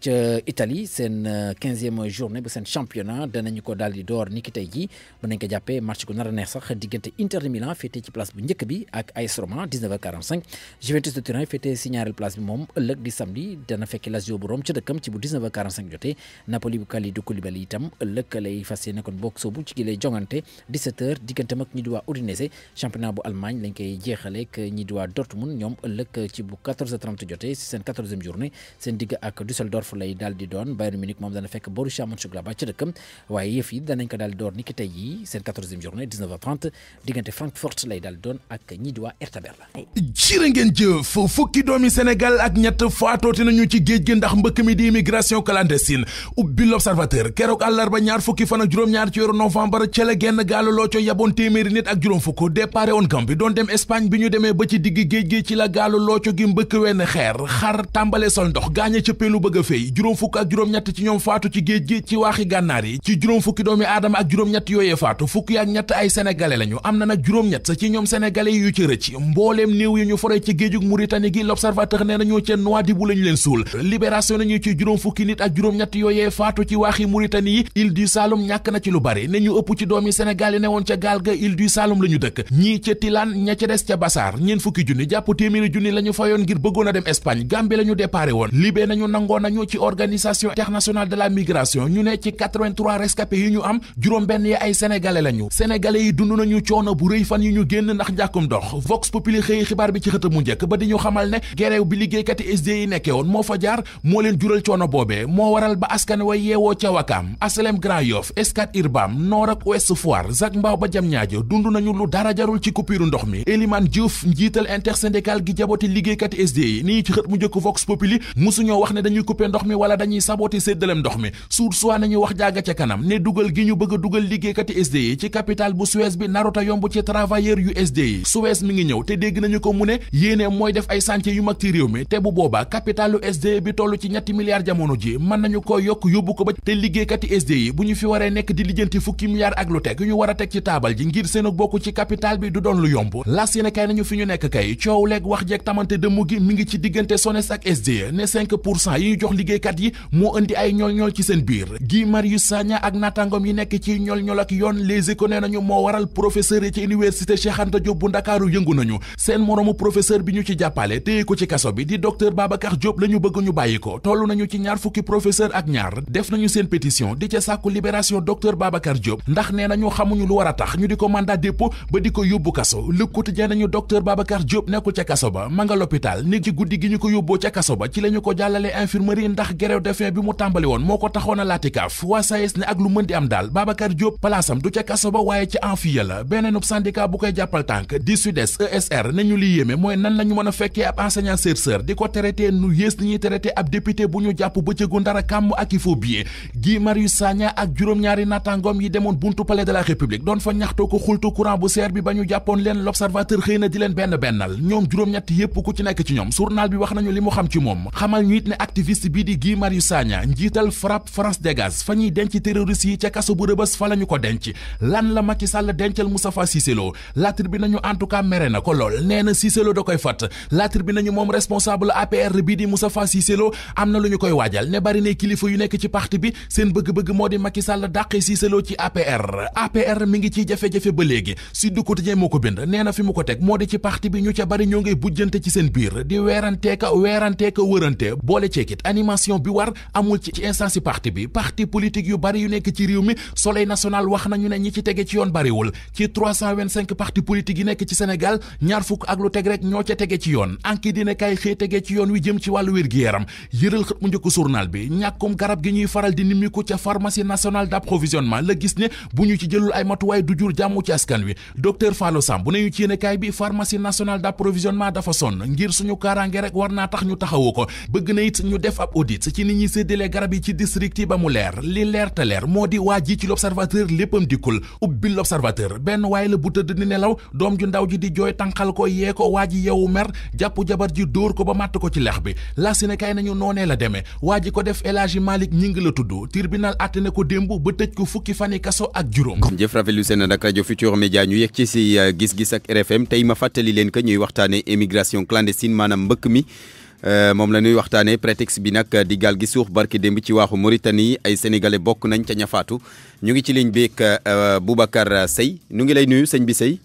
ci Italie sen 15e euh, journée ba seen championnat danañu ko dal di door niki tay ji jii mën nañ ko jàppee match ku nar neex sax diggante Inter Milan fété ci place bu ñëk bi ak AS Roma 19h45 Juventus de Turin féetee si ñaareelu place bi mom ëllëg di samedi dana fekki Lazio bu Rome ci dëkkam ci bu 19h45 jotee Napoli bu du Koulibaly itam ëllëg lay fassé yéene kon bokk bu ci gilé jonganté 17h diggante mag ñi di wa Udinese championnat bu Allemagne lañ koy jéxalé ak ñi di wa Dortmund ñom ëllëg ci bu 14h30 jotee ci sen 14e journée sen digg ak Düsseldorf lay dal di doon Bayern Munich mom dana fekk Borussia Cheikh Amadou Sougla Ba ci dëkkam waaye yëf yi danañ ko daal door niki tey yi seen 14e journée 19h30 diggante Francfort lay daal doon ak ñi di waa RTBR la jërë ngeen jëf fukki doomi Sénégal ak ñett faatooti nañu ci géej gi ndax mbëkk mi di immigration clandestine ubbi l'observateur keroog àllarba ñaar fukki fan ak juróom-ñaar ci yoru novembre ca la genn gaalu loo co yaboon téeméeri nit ak juróom fukk déparé woon Gambie doon dem Espagne bi ñu demee ba ci digg géej gi ci la gaalu looco gi mbëkk wenn xeer xar tàmbalee sol ndox gaaña ca peelu bëgg a fay juróom fukk ak juróom-ñett ci ñoom faatu ci géej ji ci waaxi gànnaar yi ci juróom fukki doomi aadama ak juróom-ñett yooyee faatu fukki ak ñett ay sénégalais lañu am na nag juróom-ñett sa ci ñoom sénégalais yi yu ci rëcc mbooleem néew yi ñu fore ci géejug Mauritanie gi l'observateur nee nañoo ca Nouadhibou lañu leen suul libération nañu ci juróom fukki nit ak juróom-ñett yooyee faatu ci waaxi Mauritanie yi île du Saloum ñàkk na ci lu bari ne ñu ëpp ci doomi sénégal yi newoon ca gaal ga île du Saloum la ñu dëkk ñii ca Tilane ña ca des ca Bassar ñeen fukki junni jàpp téeméeri junni la ñu fayoon ngir bëggoon a dem Espagne Gambie la ñu déparé woon libé nañu libération ñu ne ci 83 rescapés yi ñu am juróom benn yi ay sénégalais lañu sénégalais yi dund nañu coono bu rëy fan yu ñu génn ndax njàkkum ndox vox populi xëy xibaar bi ci xët mu njëkk ba di ñu xamal ne gereew bi liggéeykati SDE yi nekkee woon moo fa jaar moo leen jural coono boobee moo waral ba askan way yeewoo ca Wakaam Asalem Grand Yoff Scat Urbam Nord ak Ouest Foire Zac Mbao ba Diamniadio dund nañu lu dara jarul ci coupure ndox mi Elimane Diouf njiital intersyndical gi jabote liggéeykati SDE yi nii ci xët mu njëkk vox populi musuñoo wax ne dañuy couper ndox mi wala dañuy saboter séddalem ndox mi suur soit nañu wax jaaga ca kanam ne dugal gi ñu bëgg a dugal liggéeykati SDE yi ci capital bu Suez bi naruta yomb ci travailleur yu SDE yi Suez mi ngi ñëw te dégg nañu ko mu ne yéene mooy def ay chantier yu mag ci réew mi te bu boobaa capitalu SDE ko yokk yóbbu ko ba te liggéeykati SDE yi bu ñu fi waree nekk di lijjanti fukki milliards ak lu teg ñu war teg ci taabal ji ngir seen bokk ci capital bi du doon lu yomb las yéene nañu fi ñu nekk kay coow leeg wax jeeg tamante dëmm gi mi ngi e yi biir Guy Marius Sagna ak naataangoom yi nekk ci ñol ñol ak yoon Les Échos nee nañu moo waral professeur yi ci université Cheikh Anta bu Ndakaaru yëngu nañu seen moroomu professeur bi ñu ci jàppale téye ko ci kaso bi di docteur Babacar Diop la bëgg ñu bàyyi ko toll nañu ci ñaar fukki professeur ak ñaar def nañu seen pétition di ca sàkku libération docteur Babacar Diop ndax nee nañu xamuñu lu war a tax ñu di ko mandat dépôt ba di ko yóbbu kaso Le na laati kaaf waa SAES e ne ak lu mën di am daal Babacar Diop palaasam du ca kaso ba waaye ci enfiya la beneenub syndicat bu koy jàppal tànk di SUDES ESR ne ñu li yéeme mooy nan la mën a fekkee ab enseignant chercheur di ko traité nu yées ni ñuy traité ab député bu ñu jàpp bëccëgu ndara kàmm ak i faux billets Guy Marius Sagna ak juróom-ñaari nattangom yi demoon buntu palais de république doon fa ñaxtoo ko xultu courant bu seer bi ba ñu jàppoon leen l'observateur fa ñuy denc terroriste yi ca kaso bu rëbës fa la ko denc lan la Macky Sall dencal Moustapha Cissé Lo La nañu en mere na ko lool nee na da koy fat La Tribune nañu moom responsable APR bi di Moustapha Cissé am na lu koy waajal ne bari ne kilifa yu nekk ci parti bi seen bëgg-bëgg moo di Macky Sall dàqee Cissé ci APR APR mi ngi ciy jafe-jafe ba léegi Sud Quotidien moo ko bind nee fi mu ko teg moo di ci parti bi ñu ca bari ñoo bi parti politique yu bari yu nekk ci réew mi soleil national wax nañu ne ñi ci tege ci yoon bariwul ci parti politique yi nekk ci Sénégal ñaar fukk ak lu teg rek ñoo ca tege ci yoon wi jëm ci wàllu wér-gi-yaram yëral xët njëkk journal bi ñàkkum garab gi ñuy faral di nimiku ca pharmacie nationale d'approvisionnement la gis ne bu ñu ci jëlul ay matuwaay du jur jàmm ci askan wi docteur Fallou Samb bu nañu ci yéenekaay bi pharmacie nationale d'approvisionnement ci ba mu leer li leer te leer moo di waa ji ci l'observateur léppam dikkul ubbi l'observateur benn waaye la bu tëdd di nelaw doom ju ndaw ji di jooy tànqal ko yee ko waa ji yeewu mer jàpp jabar ji dóor ko ba màtt ko ci lex bi la si ne kay nañu noonee la demee waaj ko def El Hadji Malick ñi ngi la tudd tribunal àtte na ko démb ba tëj ko fukki fani kaso ak juróom jëf rafetlu seen nag rajo Futur Média ñu yegg ci si euh, gis-gis ak RFM tey ma fàttali leen que ñuy waxtaane émigration clandestine maanaam mbëkk mi Eh, mom la ñuy waxtaanee prétexte bi nak di gaal gi suux barki dembi ci waxu Mauritanie ay sénégalais bokku nañ ca ñafaatu ñu ngi ci ligne bi ak eh, Boubacar Sey ñu ngi lay nuyu señ bi Sey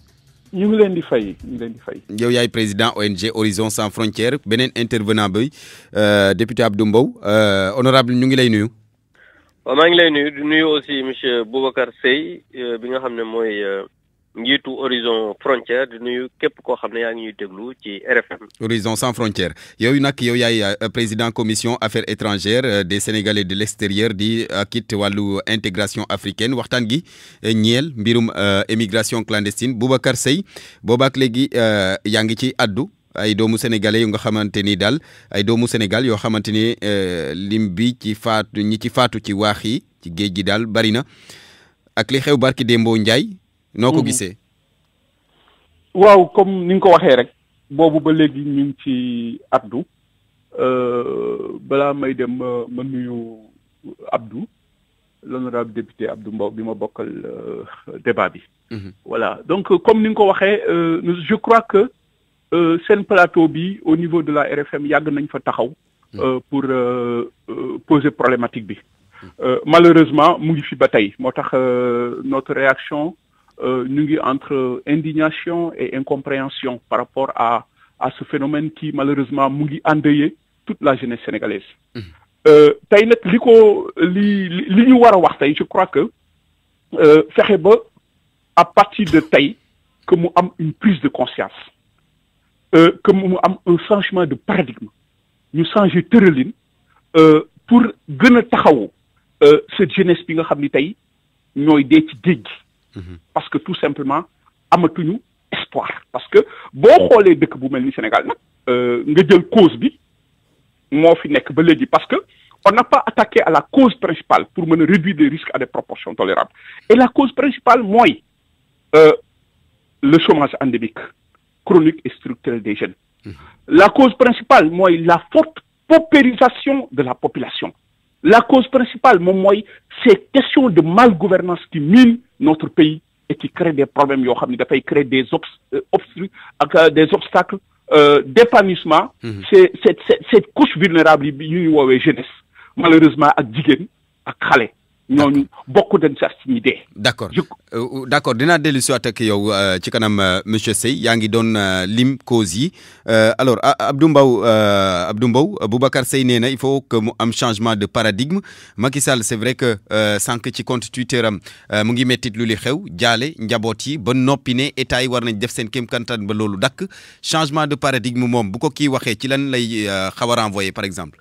ñu ngi leen di fay ñu leen di fay. yow yaay président ONG Horizon Sans Frontières benen intervenant bi eh, député Abdou Mbow honorable ñu ngi lay nuyu. waaw maa ngi lay nuyu di nuyu aussi monsieur Boubacar Sey bi nga xamné moy njiitu Horizon Frontière di nuyu képp koo xam ne yaa ngi ñuy déglu ci RFM. Horizon sans frontière yow nag yow yaay euh, président commission affaires étrangères euh, des sénégalais de l'extérieur extérieur di euh, kit wàllu intégration africaine waxtaan gi ñeel mbirum émigration clandestine Boubacar Seye boobaak léegi yaa ngi ci addu ay doomu sénégalais yu nga xamante ni daal ay doomu Sénégal yoo xamante ni lim bi ci faatu ñi ci faatu ci waax ci géej gi bari na ak li xew barki Dembo Ndiaye noo ko mhm. gisee. waaw comme ni nga ko waxee rek. boobu ba léegi ñu ngi ci addu euh, balaa may dem ma nuyu Abdou l'honorable député Abdou mbaw bi ma bokkal euh, débat bi. Mhm. voilà donc comme ni nga ko waxee euh, je crois que seen plateau bi au niveau de la RFM yàgg nañ fa taxaw. Mhm. pour poser problématique bi. malheureusement mu ngi fi ba tey moo tax notre réaction nous euh, ngi entre indignation et incompréhension par rapport à à ce phénomène qui malheureusement a endeuillé toute la jeunesse sénégalaise. Mmh. Euh, je crois que euh, à partir de ce que nous avons une prise de conscience que mu un changement de paradigme ñu de euh, pour que a cette jeunesse qui nga a ni tey Mhm. parce que tout simplement amatuñu espoir parce que bon xolé dëkk bu melni Sénégal Nous euh, nga jël cause parce que on n'a pas attaqué à la cause principale pour réduire les risques à des proportions tolérables et la cause principale c'est euh, le chômage endémique chronique et structurel des jeunes mhm. la cause principale moi, la forte paupérisation de la population la cause principale mon c'est question question de malgouvernance qui mine notre pays et qui crée des problèmes des euh, euh, des obstacles euh, d'épanouissement mhm. c'est cette cette couche vulnérable jeunesse malheureusement à Digen, à Calais ñooñu bokk dañ sax ci ñi dee. d'accord euh, d'accord dinaa dellu si ak yow euh, ci kanam euh, monsieur Sey yaa ngi doon lim cause yi alors Abdou Abdoumbaou Abdou Boubacar Seye nee na il faut que mu am changement de paradigme Macky Sall c'est vrai que sànq ci compte Twitter am mu ngi mettit lu li xew jaale njaboot yi ba noppi ne état yi war nañ def seen kéem kantan ba loolu dakk changement de paradigme moom bu ko kii waxee ci lan lay xaw a renvoyer par exemple.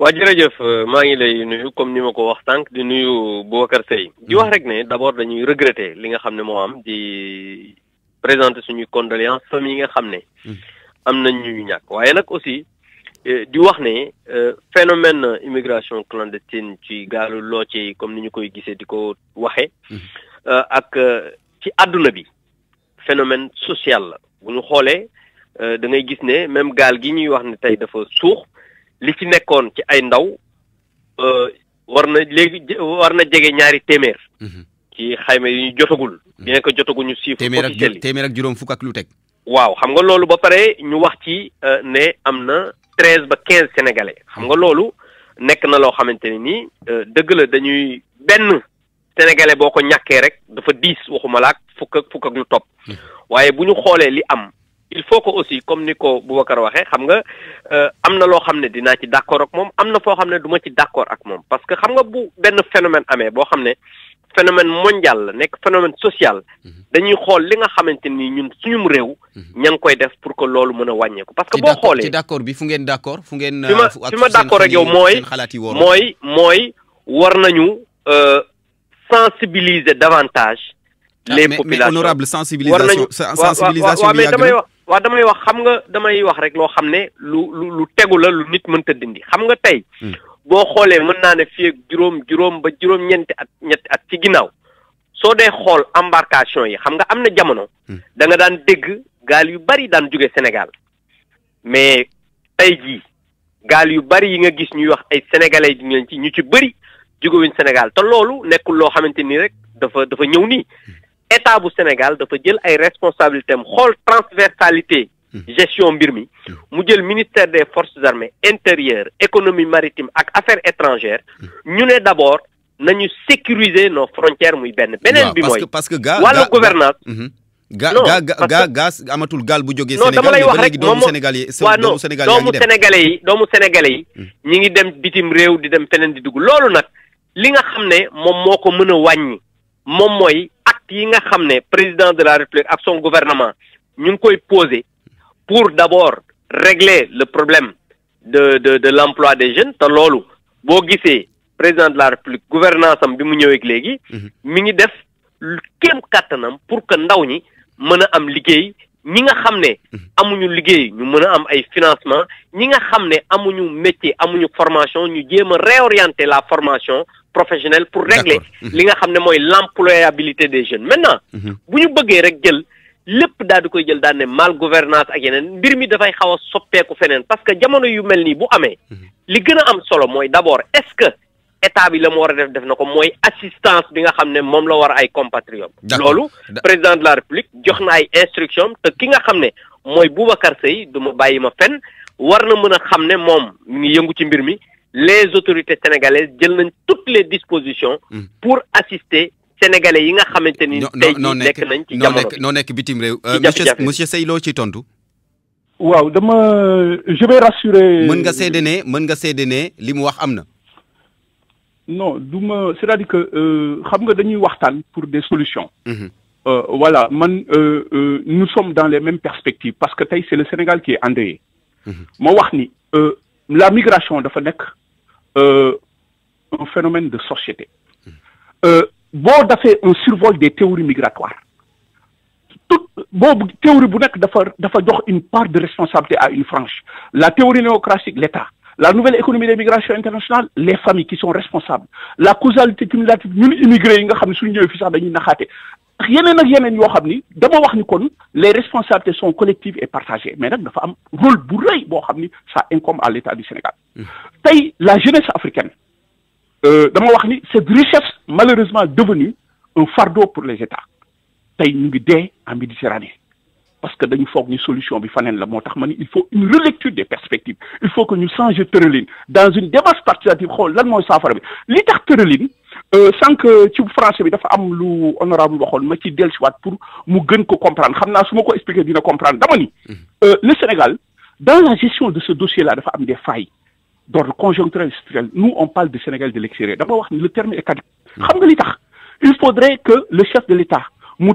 waa jërëjëf maa ngi lay nuyu comme ni ma ko wax sànq di nuyu Boubacar Seye di wax mm-hmm. rek ne d'abord dañuy regretter li nga xam ne moo am di présenter suñuy condoléances famille yi nga xam ne mm-hmm. am nañ ñuy ñàkk waaye nag aussi eh, di wax ne eh, phénomène immigration clandestine ci gaalu looce yi comme ni ñu koy gisee di ko waxe mm-hmm. eh, ak ci àdduna bi phénomène social la bu ñu xoolee dangay gis ne même gaal gi ñuy wax ne tey dafa suux li fi nekkoon ci ay ndaw euh, war na léegi war na jege ñaari téeméer. Mhm. ci xayma yi ñu jotagul. bien mhm. que jotaguñu chiffre officiel yi téeméer ak juróom fukk ak lu teg. waaw xam nga loolu ba pare ñu wax ci euh, ne am na treize ba quinze sénégalais xam nga mhm. loolu nekk na loo xamante ne nii euh, dëgg la dañuy benn sénégalais boo ko ñàkkee rek dafa diis waxuma laak fukk ak fukk ak lu topp waaye bu ñu xoolee li am. il faut que aussi comme ni ko Boubacar waxee xam nga euh, am na loo xam ne dina ci d'accord ak moom am na foo xam ne duma ci d'accord ak moom parce que xam nga bu benn phénomène amee boo xam ne phénomène mondial la nekk phénomène social mhm. dañuy xool li nga xamante ni ñun suñum réew mhm. ña ngi koy def pour que loolu mën a wàññeeku parce que boo xoolee ci d'accord bi fu ngeen d'accord fu ngeen fi ma euh, fi ma d'accord ak yow mooy mooy war nañu euh, sensibiliser davantage ah, les populations mais honorable sensibilisation sensibilisation bi yàgg na waa damay wax xam nga damay wax rek loo xam ne lu lu lu tegu la lu nit mënta dindi xam nga tey. Hmm. boo xoolee mën naa ne fii juróom juróom ba juróom ñeenti at ñetti at ci ginnaaw soo dee xool embarcation yi xam nga am na jamono. Hmm. da nga daan dégg gaal yu bari daan jóge Sénégal mais tey jii gaal yu bari yi nga gis ñuy wax ay sénégalais ñu leen ci ñu ci bëri jógewuñ Sénégal te loolu nekkul loo xamante ni rek dafa dafa ñëw nii hmm. état du Sénégal dafa jël ay responsabilités transversalité hmm. gestion mbir mu ministère des forces armées Intérieures, économie maritime affaires étrangères hmm. ñu d'abord sécuriser nos frontières muy parce que ga ga Sénégalais doomu Sénégalais hmm. ñi ngi dem bitim réew di dem fenen di dugg yi nga xam président de la république à son gouvernement nous avons koy pour d'abord régler le problème de de de l'emploi des jeunes te vous boo le président de la république gouvernance am bi mu nous avons mhm. mi ngi def pour que nous ñi mën un am liggéey ñi nga xamné mhm. amuñu liggéey ñu mëna am ay financement ñi nga xamné un amuñu métier amuñu formation ñu jéem réorienter la formation professionnel pour régler mhm. li nga xamné moy l'employabilité des jeunes maintenant mhm. bu ñu bëggee rek jël lépp da di koy jël da né mal gouvernance ak yeneen mbir mi dafay xaw a soppeeku fenen parce que jamono yu mel ni bu amee mhm. li gëna am solo moy d'abord est-ce que état bi la mo wara def def nako moy assistance bi nga xamné mom la war ay compatriotes loolu président de la république jox na ay instruction te ki nga xamné moy Boubacar Seye du bayima ma fenn war na mën a xam mi yëngu ci mbir mi les autorités sénégalaises prennent nañ toutes les dispositions hmm. pour assister sénégalais yi nga xamante tay tey jii nekk nañ ci jamono bi noo nekk bitim réew euh, monsieur monsieur Seylo, ci tontu waaw dama je vais rassurer mën nga seede ne mën nga seede limu wax amna non duma ma c'est-à-dire que euh, xam nga dañuy waxtaan pour des solutions mm-hmm. euh, voilà man nous sommes dans les mêmes perspectives parce que tay c'est le Sénégal qui est endeuillé mo mm-hmm. wax ni la migration dafa nek euh, un phénomène de société. a euh, fait un survol des théories migratoires toute théorie bu une part de responsabilité à une frange la théorie néoclassique l'État la nouvelle économie des migrations internationales les familles qui sont responsables la causalité cumulative nous immigré yi nga yeneen ak yeneen yoo xam dama wax ni kon les responsabilités sont collectives et partagées mais nag dafa am rôle bu rëy boo ça incombe à l'État du Sénégal hmm. tey la jeunesse africaine euh, dama wax ni cette richesse malheureusement devenue un fardeau pour les États tey ñu ngi dee en Méditerranée parce que dañu foog ni solution bi faneen la moo ni il faut une relecture des perspectives il faut que ñu changer tëralin dans une démarche participative xool lan mooy saafara bi li tax sans que tu français bi dafa am lu honorable mais ma ci wat pour mu gën ko comprendre xamna suma ko expliquer dina comprendre dama ni. Mhm. Euh, le Sénégal dans la gestion de ce dossier là dafa am des failles dans le conjoncturel industriel. nous on parle de Sénégal de l'extérieur D'abord, le terme est caduc. Mhm. xam nga il faudrait que le chef de l'État mu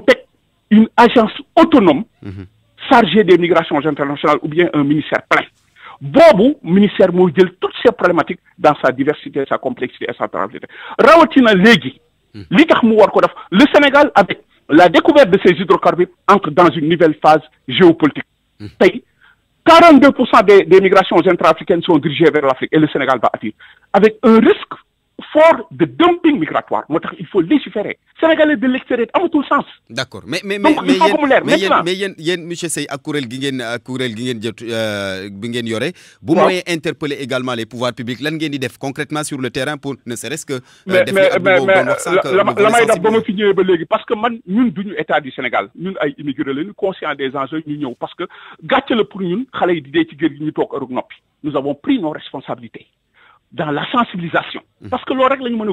une agence autonome. Mhm. chargée des migrations internationales ou bien un ministère plein le ministère mooy toutes ces problématiques dans sa diversité sa complexité et sa transité rawatina hmm. le Sénégal avec la découverte de ces hydrocarbures entre dans une nouvelle phase géopolitique. Hmm. Quarante 42 des des migrations intra-africaines sont dirigées vers l'Afrique et le Sénégal va attirer avec un risque. Pour de dumping migratoire moo il faut légiférer sénégalais de l'extérieur amatul sens. d'accord mais mais mais mais mais, mais y'en y'en, monsieur Sey, ak kuréel gi ngeen ak kuréel gi ngeen jot euh, bi yore. bu mooy interpeller également les pouvoirs publics lan ngeen di def concrètement sur le terrain pour ne serait-ce que. Euh, mais mais mais mais la parce que man ñun duñu état du Sénégal ñun ay immigrés, lañu conscient des enjeux ñu ñëw parce que gàcce le pour ñun xale yi di dee ci géej gi nous avons pris nos responsabilités dans la sensibilisation. Hum. Parce que l'oracle, nous,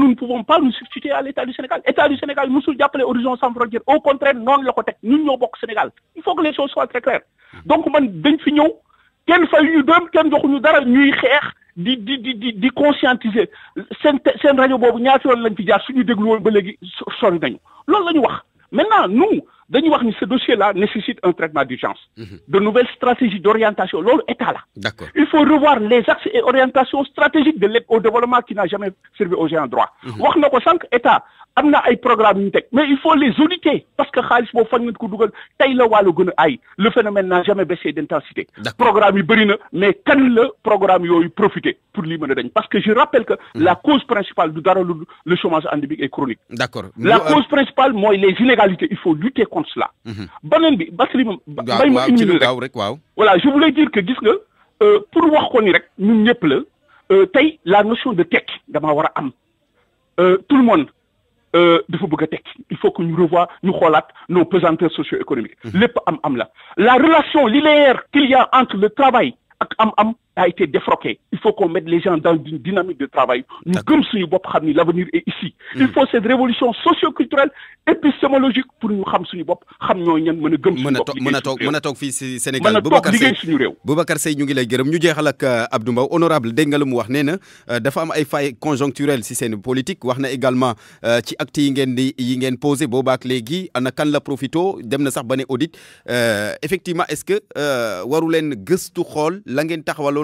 nous ne pouvons pas nous substituer à l'État du Sénégal. L'État du Sénégal, nous sommes appelés Horizon sans frontières. Au contraire, non, nous sommes au Sénégal. Il faut que les choses soient très claires. Hum. Donc, nous devons nous dara nous nous conscientiser maintenant nous ce dossier là nécessite un traitement d'urgence mhm. de nouvelles stratégies d'orientation L'État est il faut revoir les axes et orientations stratégiques de l'aide au développement qui n'a jamais servi aux gens droit mhm. mais il faut les auditer parce que le phénomène n'a jamais baissé d'intensité programme yi bëri mais kan le programme yooyu pour lii parce que je rappelle que mhm. la cause principale du le chômage endémique est chronique la euh, cause principale mooy les inégalités il faut lutter contre cela. Mhm. beneen bi voilà je voulais dire que gis nga euh, pour wax ko ni rek ñun ñëpp la euh, tay la notion de tech dama wara am. am euh, tout le monde il bëgg bouger tech il faut que ñu revois ñu nos pesanteurs socio-économiques. Mhm. lépp am am la la relation linéaire qu'il y a entre le travail ak am am a été défroqué. Il faut qu'on mette les gens dans une dynamique de travail. Nous, comme suñu bopp xam l'avenir est ici. Hmm. il faut cette révolution socio-culturelle épistémologique pour ñu xam suñu bopp xam ñoo ñan mën a gëm suñu bopp mën a toog mën a toog fii si Sénégal Boubacar liggéey suñu ñu ngi lay gërëm ñu ak euh, Abdou Mbow honorable dégg nga la mu wax nee na euh, dafa am ay failles conjoncturelles si seen politique wax na également euh, ci actes yi ngeen di yi ngeen posé boobaak léegi ana kan la profito dem na sax audit effectivement est-ce que waru leen gëstu xool la ngeen taxawaloon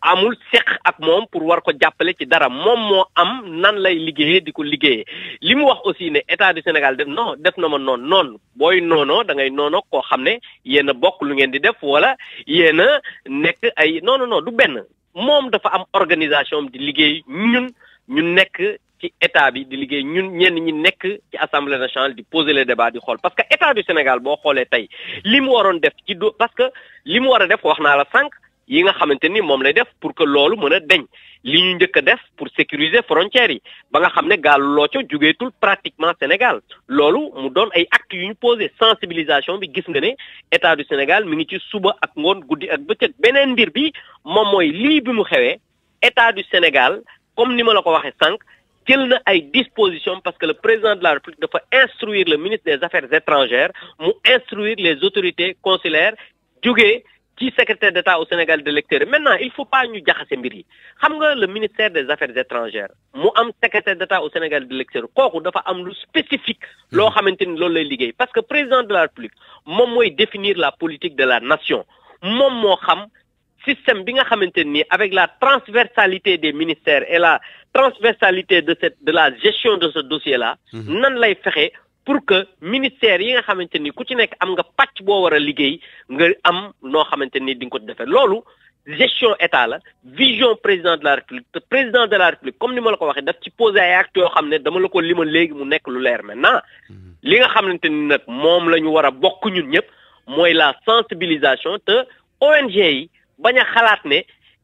amul seq ak moom pour war ko jàppale ci dara moom moo am nan lay liggéeyee di ko liggéeyee li mu wax aussi ne état du Sénégal def non def na ma noonu noonu booy noonoo da ngay noonoo koo xam ne yéen a bokk lu ngeen di def wala yéen a nekk ay non non du benn moom dafa am organisation di liggéey ñun ñu nekk ci état bi di liggéey ñun ñenn ñi nekk ci assemblée nationale di poser les débats di xool parce que état du Sénégal boo xoolee tey li mu waroon def ci parce que li mu war a def wax naa la sànq yi nga xamante ni moom lay def pour que loolu mën a deñ li ñu njëkk def pour sécuriser frontières yi ba nga xam ne gaal looco jógeetul pratiquement Sénégal loolu mu doon ay acte yu ñu posé sensibilisation bi gis nga ne état du Sénégal mi ngi ci suba ak ngoon guddi ak bëccëg beneen mbir bi moom mooy lii bi mu xewee état du Sénégal comme ni ma la ko waxee sànq jël na ay dispositions parce que le président de la République dafa instruire le ministre des affaires étrangères mu instruire les autorités consulaires jugé ci secrétaire d'État au Sénégal de lecteur maintenant il faut pas ñu jaxasse mbir yi xam nga le ministère des affaires étrangères mu am secrétaire d'État au Sénégal de lecteur Il dafa am lu spécifique lo mhm. xamante ni liggéey parce que président de la République mom moy définir la politique de la nation mom mo xam système bi nga xamante avec la transversalité des ministères et la transversalité de cette de la gestion de ce dossier là mhm. nan lay fexé pour que ministère yi nga xamante ni ku ci nekk am nga pàcc boo war a liggéey nga am noo xamante ni di nga ko defee loolu gestion état la vision président de la république te président de la république comme ni ma la ko waxee daf ci posé ay actes yoo xam ne dama la ko limal léegi mu nekk lu leer maintenant mhm. li nga xamante ni nag moom la ñu war a bokk ñun ñëpp mooy la sensibilisation te ONG yi bañ a xalaat ne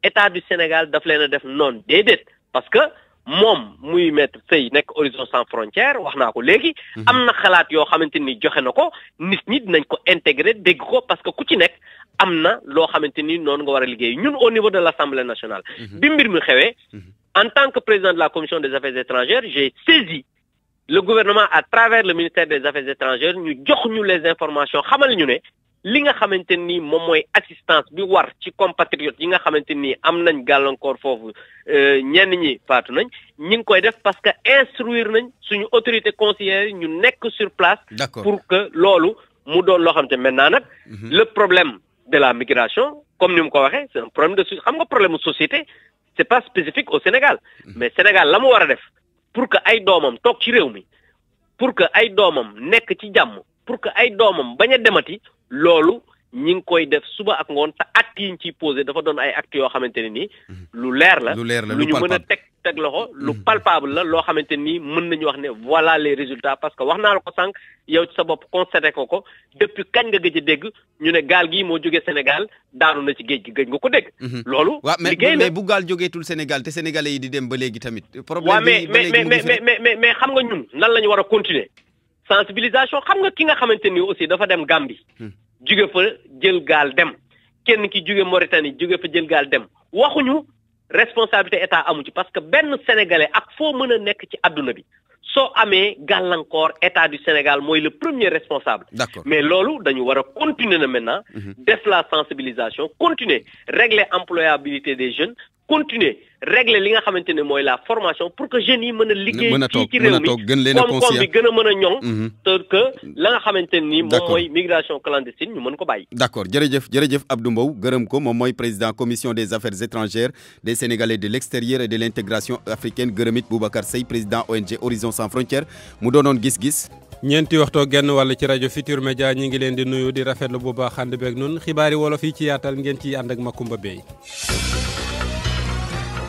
état du Sénégal daf leen a def noonu déedéet parce que mom muy maître Sèye nek horizon sans frontière waxna ko léegi. Mhm. amna na xalaat yoo xamante ni joxe na été nit ñi ko intégré parce que ku ci nek amna lo xamanteni non nga wara ñun au niveau de l'Assemblée nationale. Mhm. bi mbir mi mhm. en tant que président de la commission des affaires étrangères j'ai saisi le gouvernement à travers le ministère des affaires étrangères ñu jox ñu les informations xamal ñu né li nga xamante ni moom mooy assistance bi war ci compatriotes yi nga xamante ni am nañ gàllankoor foofu euh, ñenn ñi faatu nañ ñi ngi koy def parce que instruire nañ suñu autorité conseillère ñu nekk sur place. pour que loolu mu doon loo xamante maintenant nag. Mhm. le problème de la migration comme ni mu ko waxee c'est un problème de xam nga problème société c'est pas spécifique au Sénégal. Mhm. mais Sénégal la mu war def pour que ay doomam toog ci réew pour que ay doomam nekk ci jàmm pour que ay doomam bañ a demati. loolu ñi ngi koy def suba ak ngoon te ak yi ñu ciy posé dafa doon ay actes yoo xamante ne nii. Mhm. lu leer la lu leer lu ñu mën a teg teg loxo lu mhm. palpable la loo xamante nii mën nañu wax ne voilà les résultats parce que wax naa la ko sànq yow ci sa bopp constaté ko ko depuis kañ nga gëj a dégg ñu ne gaal gii moo jógee Sénégal daanu na ci géej gi gëj nga ko dégg. Mhm. loolu liggéey na mais bu gaal jógeetul Sénégal te sénégalais yi di dem ba léegi tamit. problème mais mais mais mais xam nga ñun nan la ñu war a continuer sensibilisation xam nga ki nga aussi dafa dem Gambie. Hmm. fa dem kenn ki Mauritanie fa dem waxuñu responsabilité état amu parce que benn sénégalais ak foo mën a ci bi état du Sénégal mooy le premier responsable. mais loolu dañu continuer maintenant. Hmm. la sensibilisation continuer régler employabilité des jeunes continuer régler li nga xamantene moy la formation pour que Génie yi mën a liggéey ci réew mi koom-koom bi gën que mën mhm. te que la nga xamantene ni moy migration clandestine ñu mën ko bàyyi d'accord jërëjëf jërëjëf Abdou Mbow gërëm ko mom moy président commission des affaires étrangères des Sénégalais de l'extérieur et de l'intégration africaine gërëmit Boubacar sey président ONG Horizon Sans Frontières mu doonoon gis-gis ñeenti waxto genn wàll ci rajo Futur Média ñi ngi leen di nuyu di rafetlu bu baax ànd beeg nun xibaari wolof yi ci yaatal ngeen ci ànd ak Makumba Bey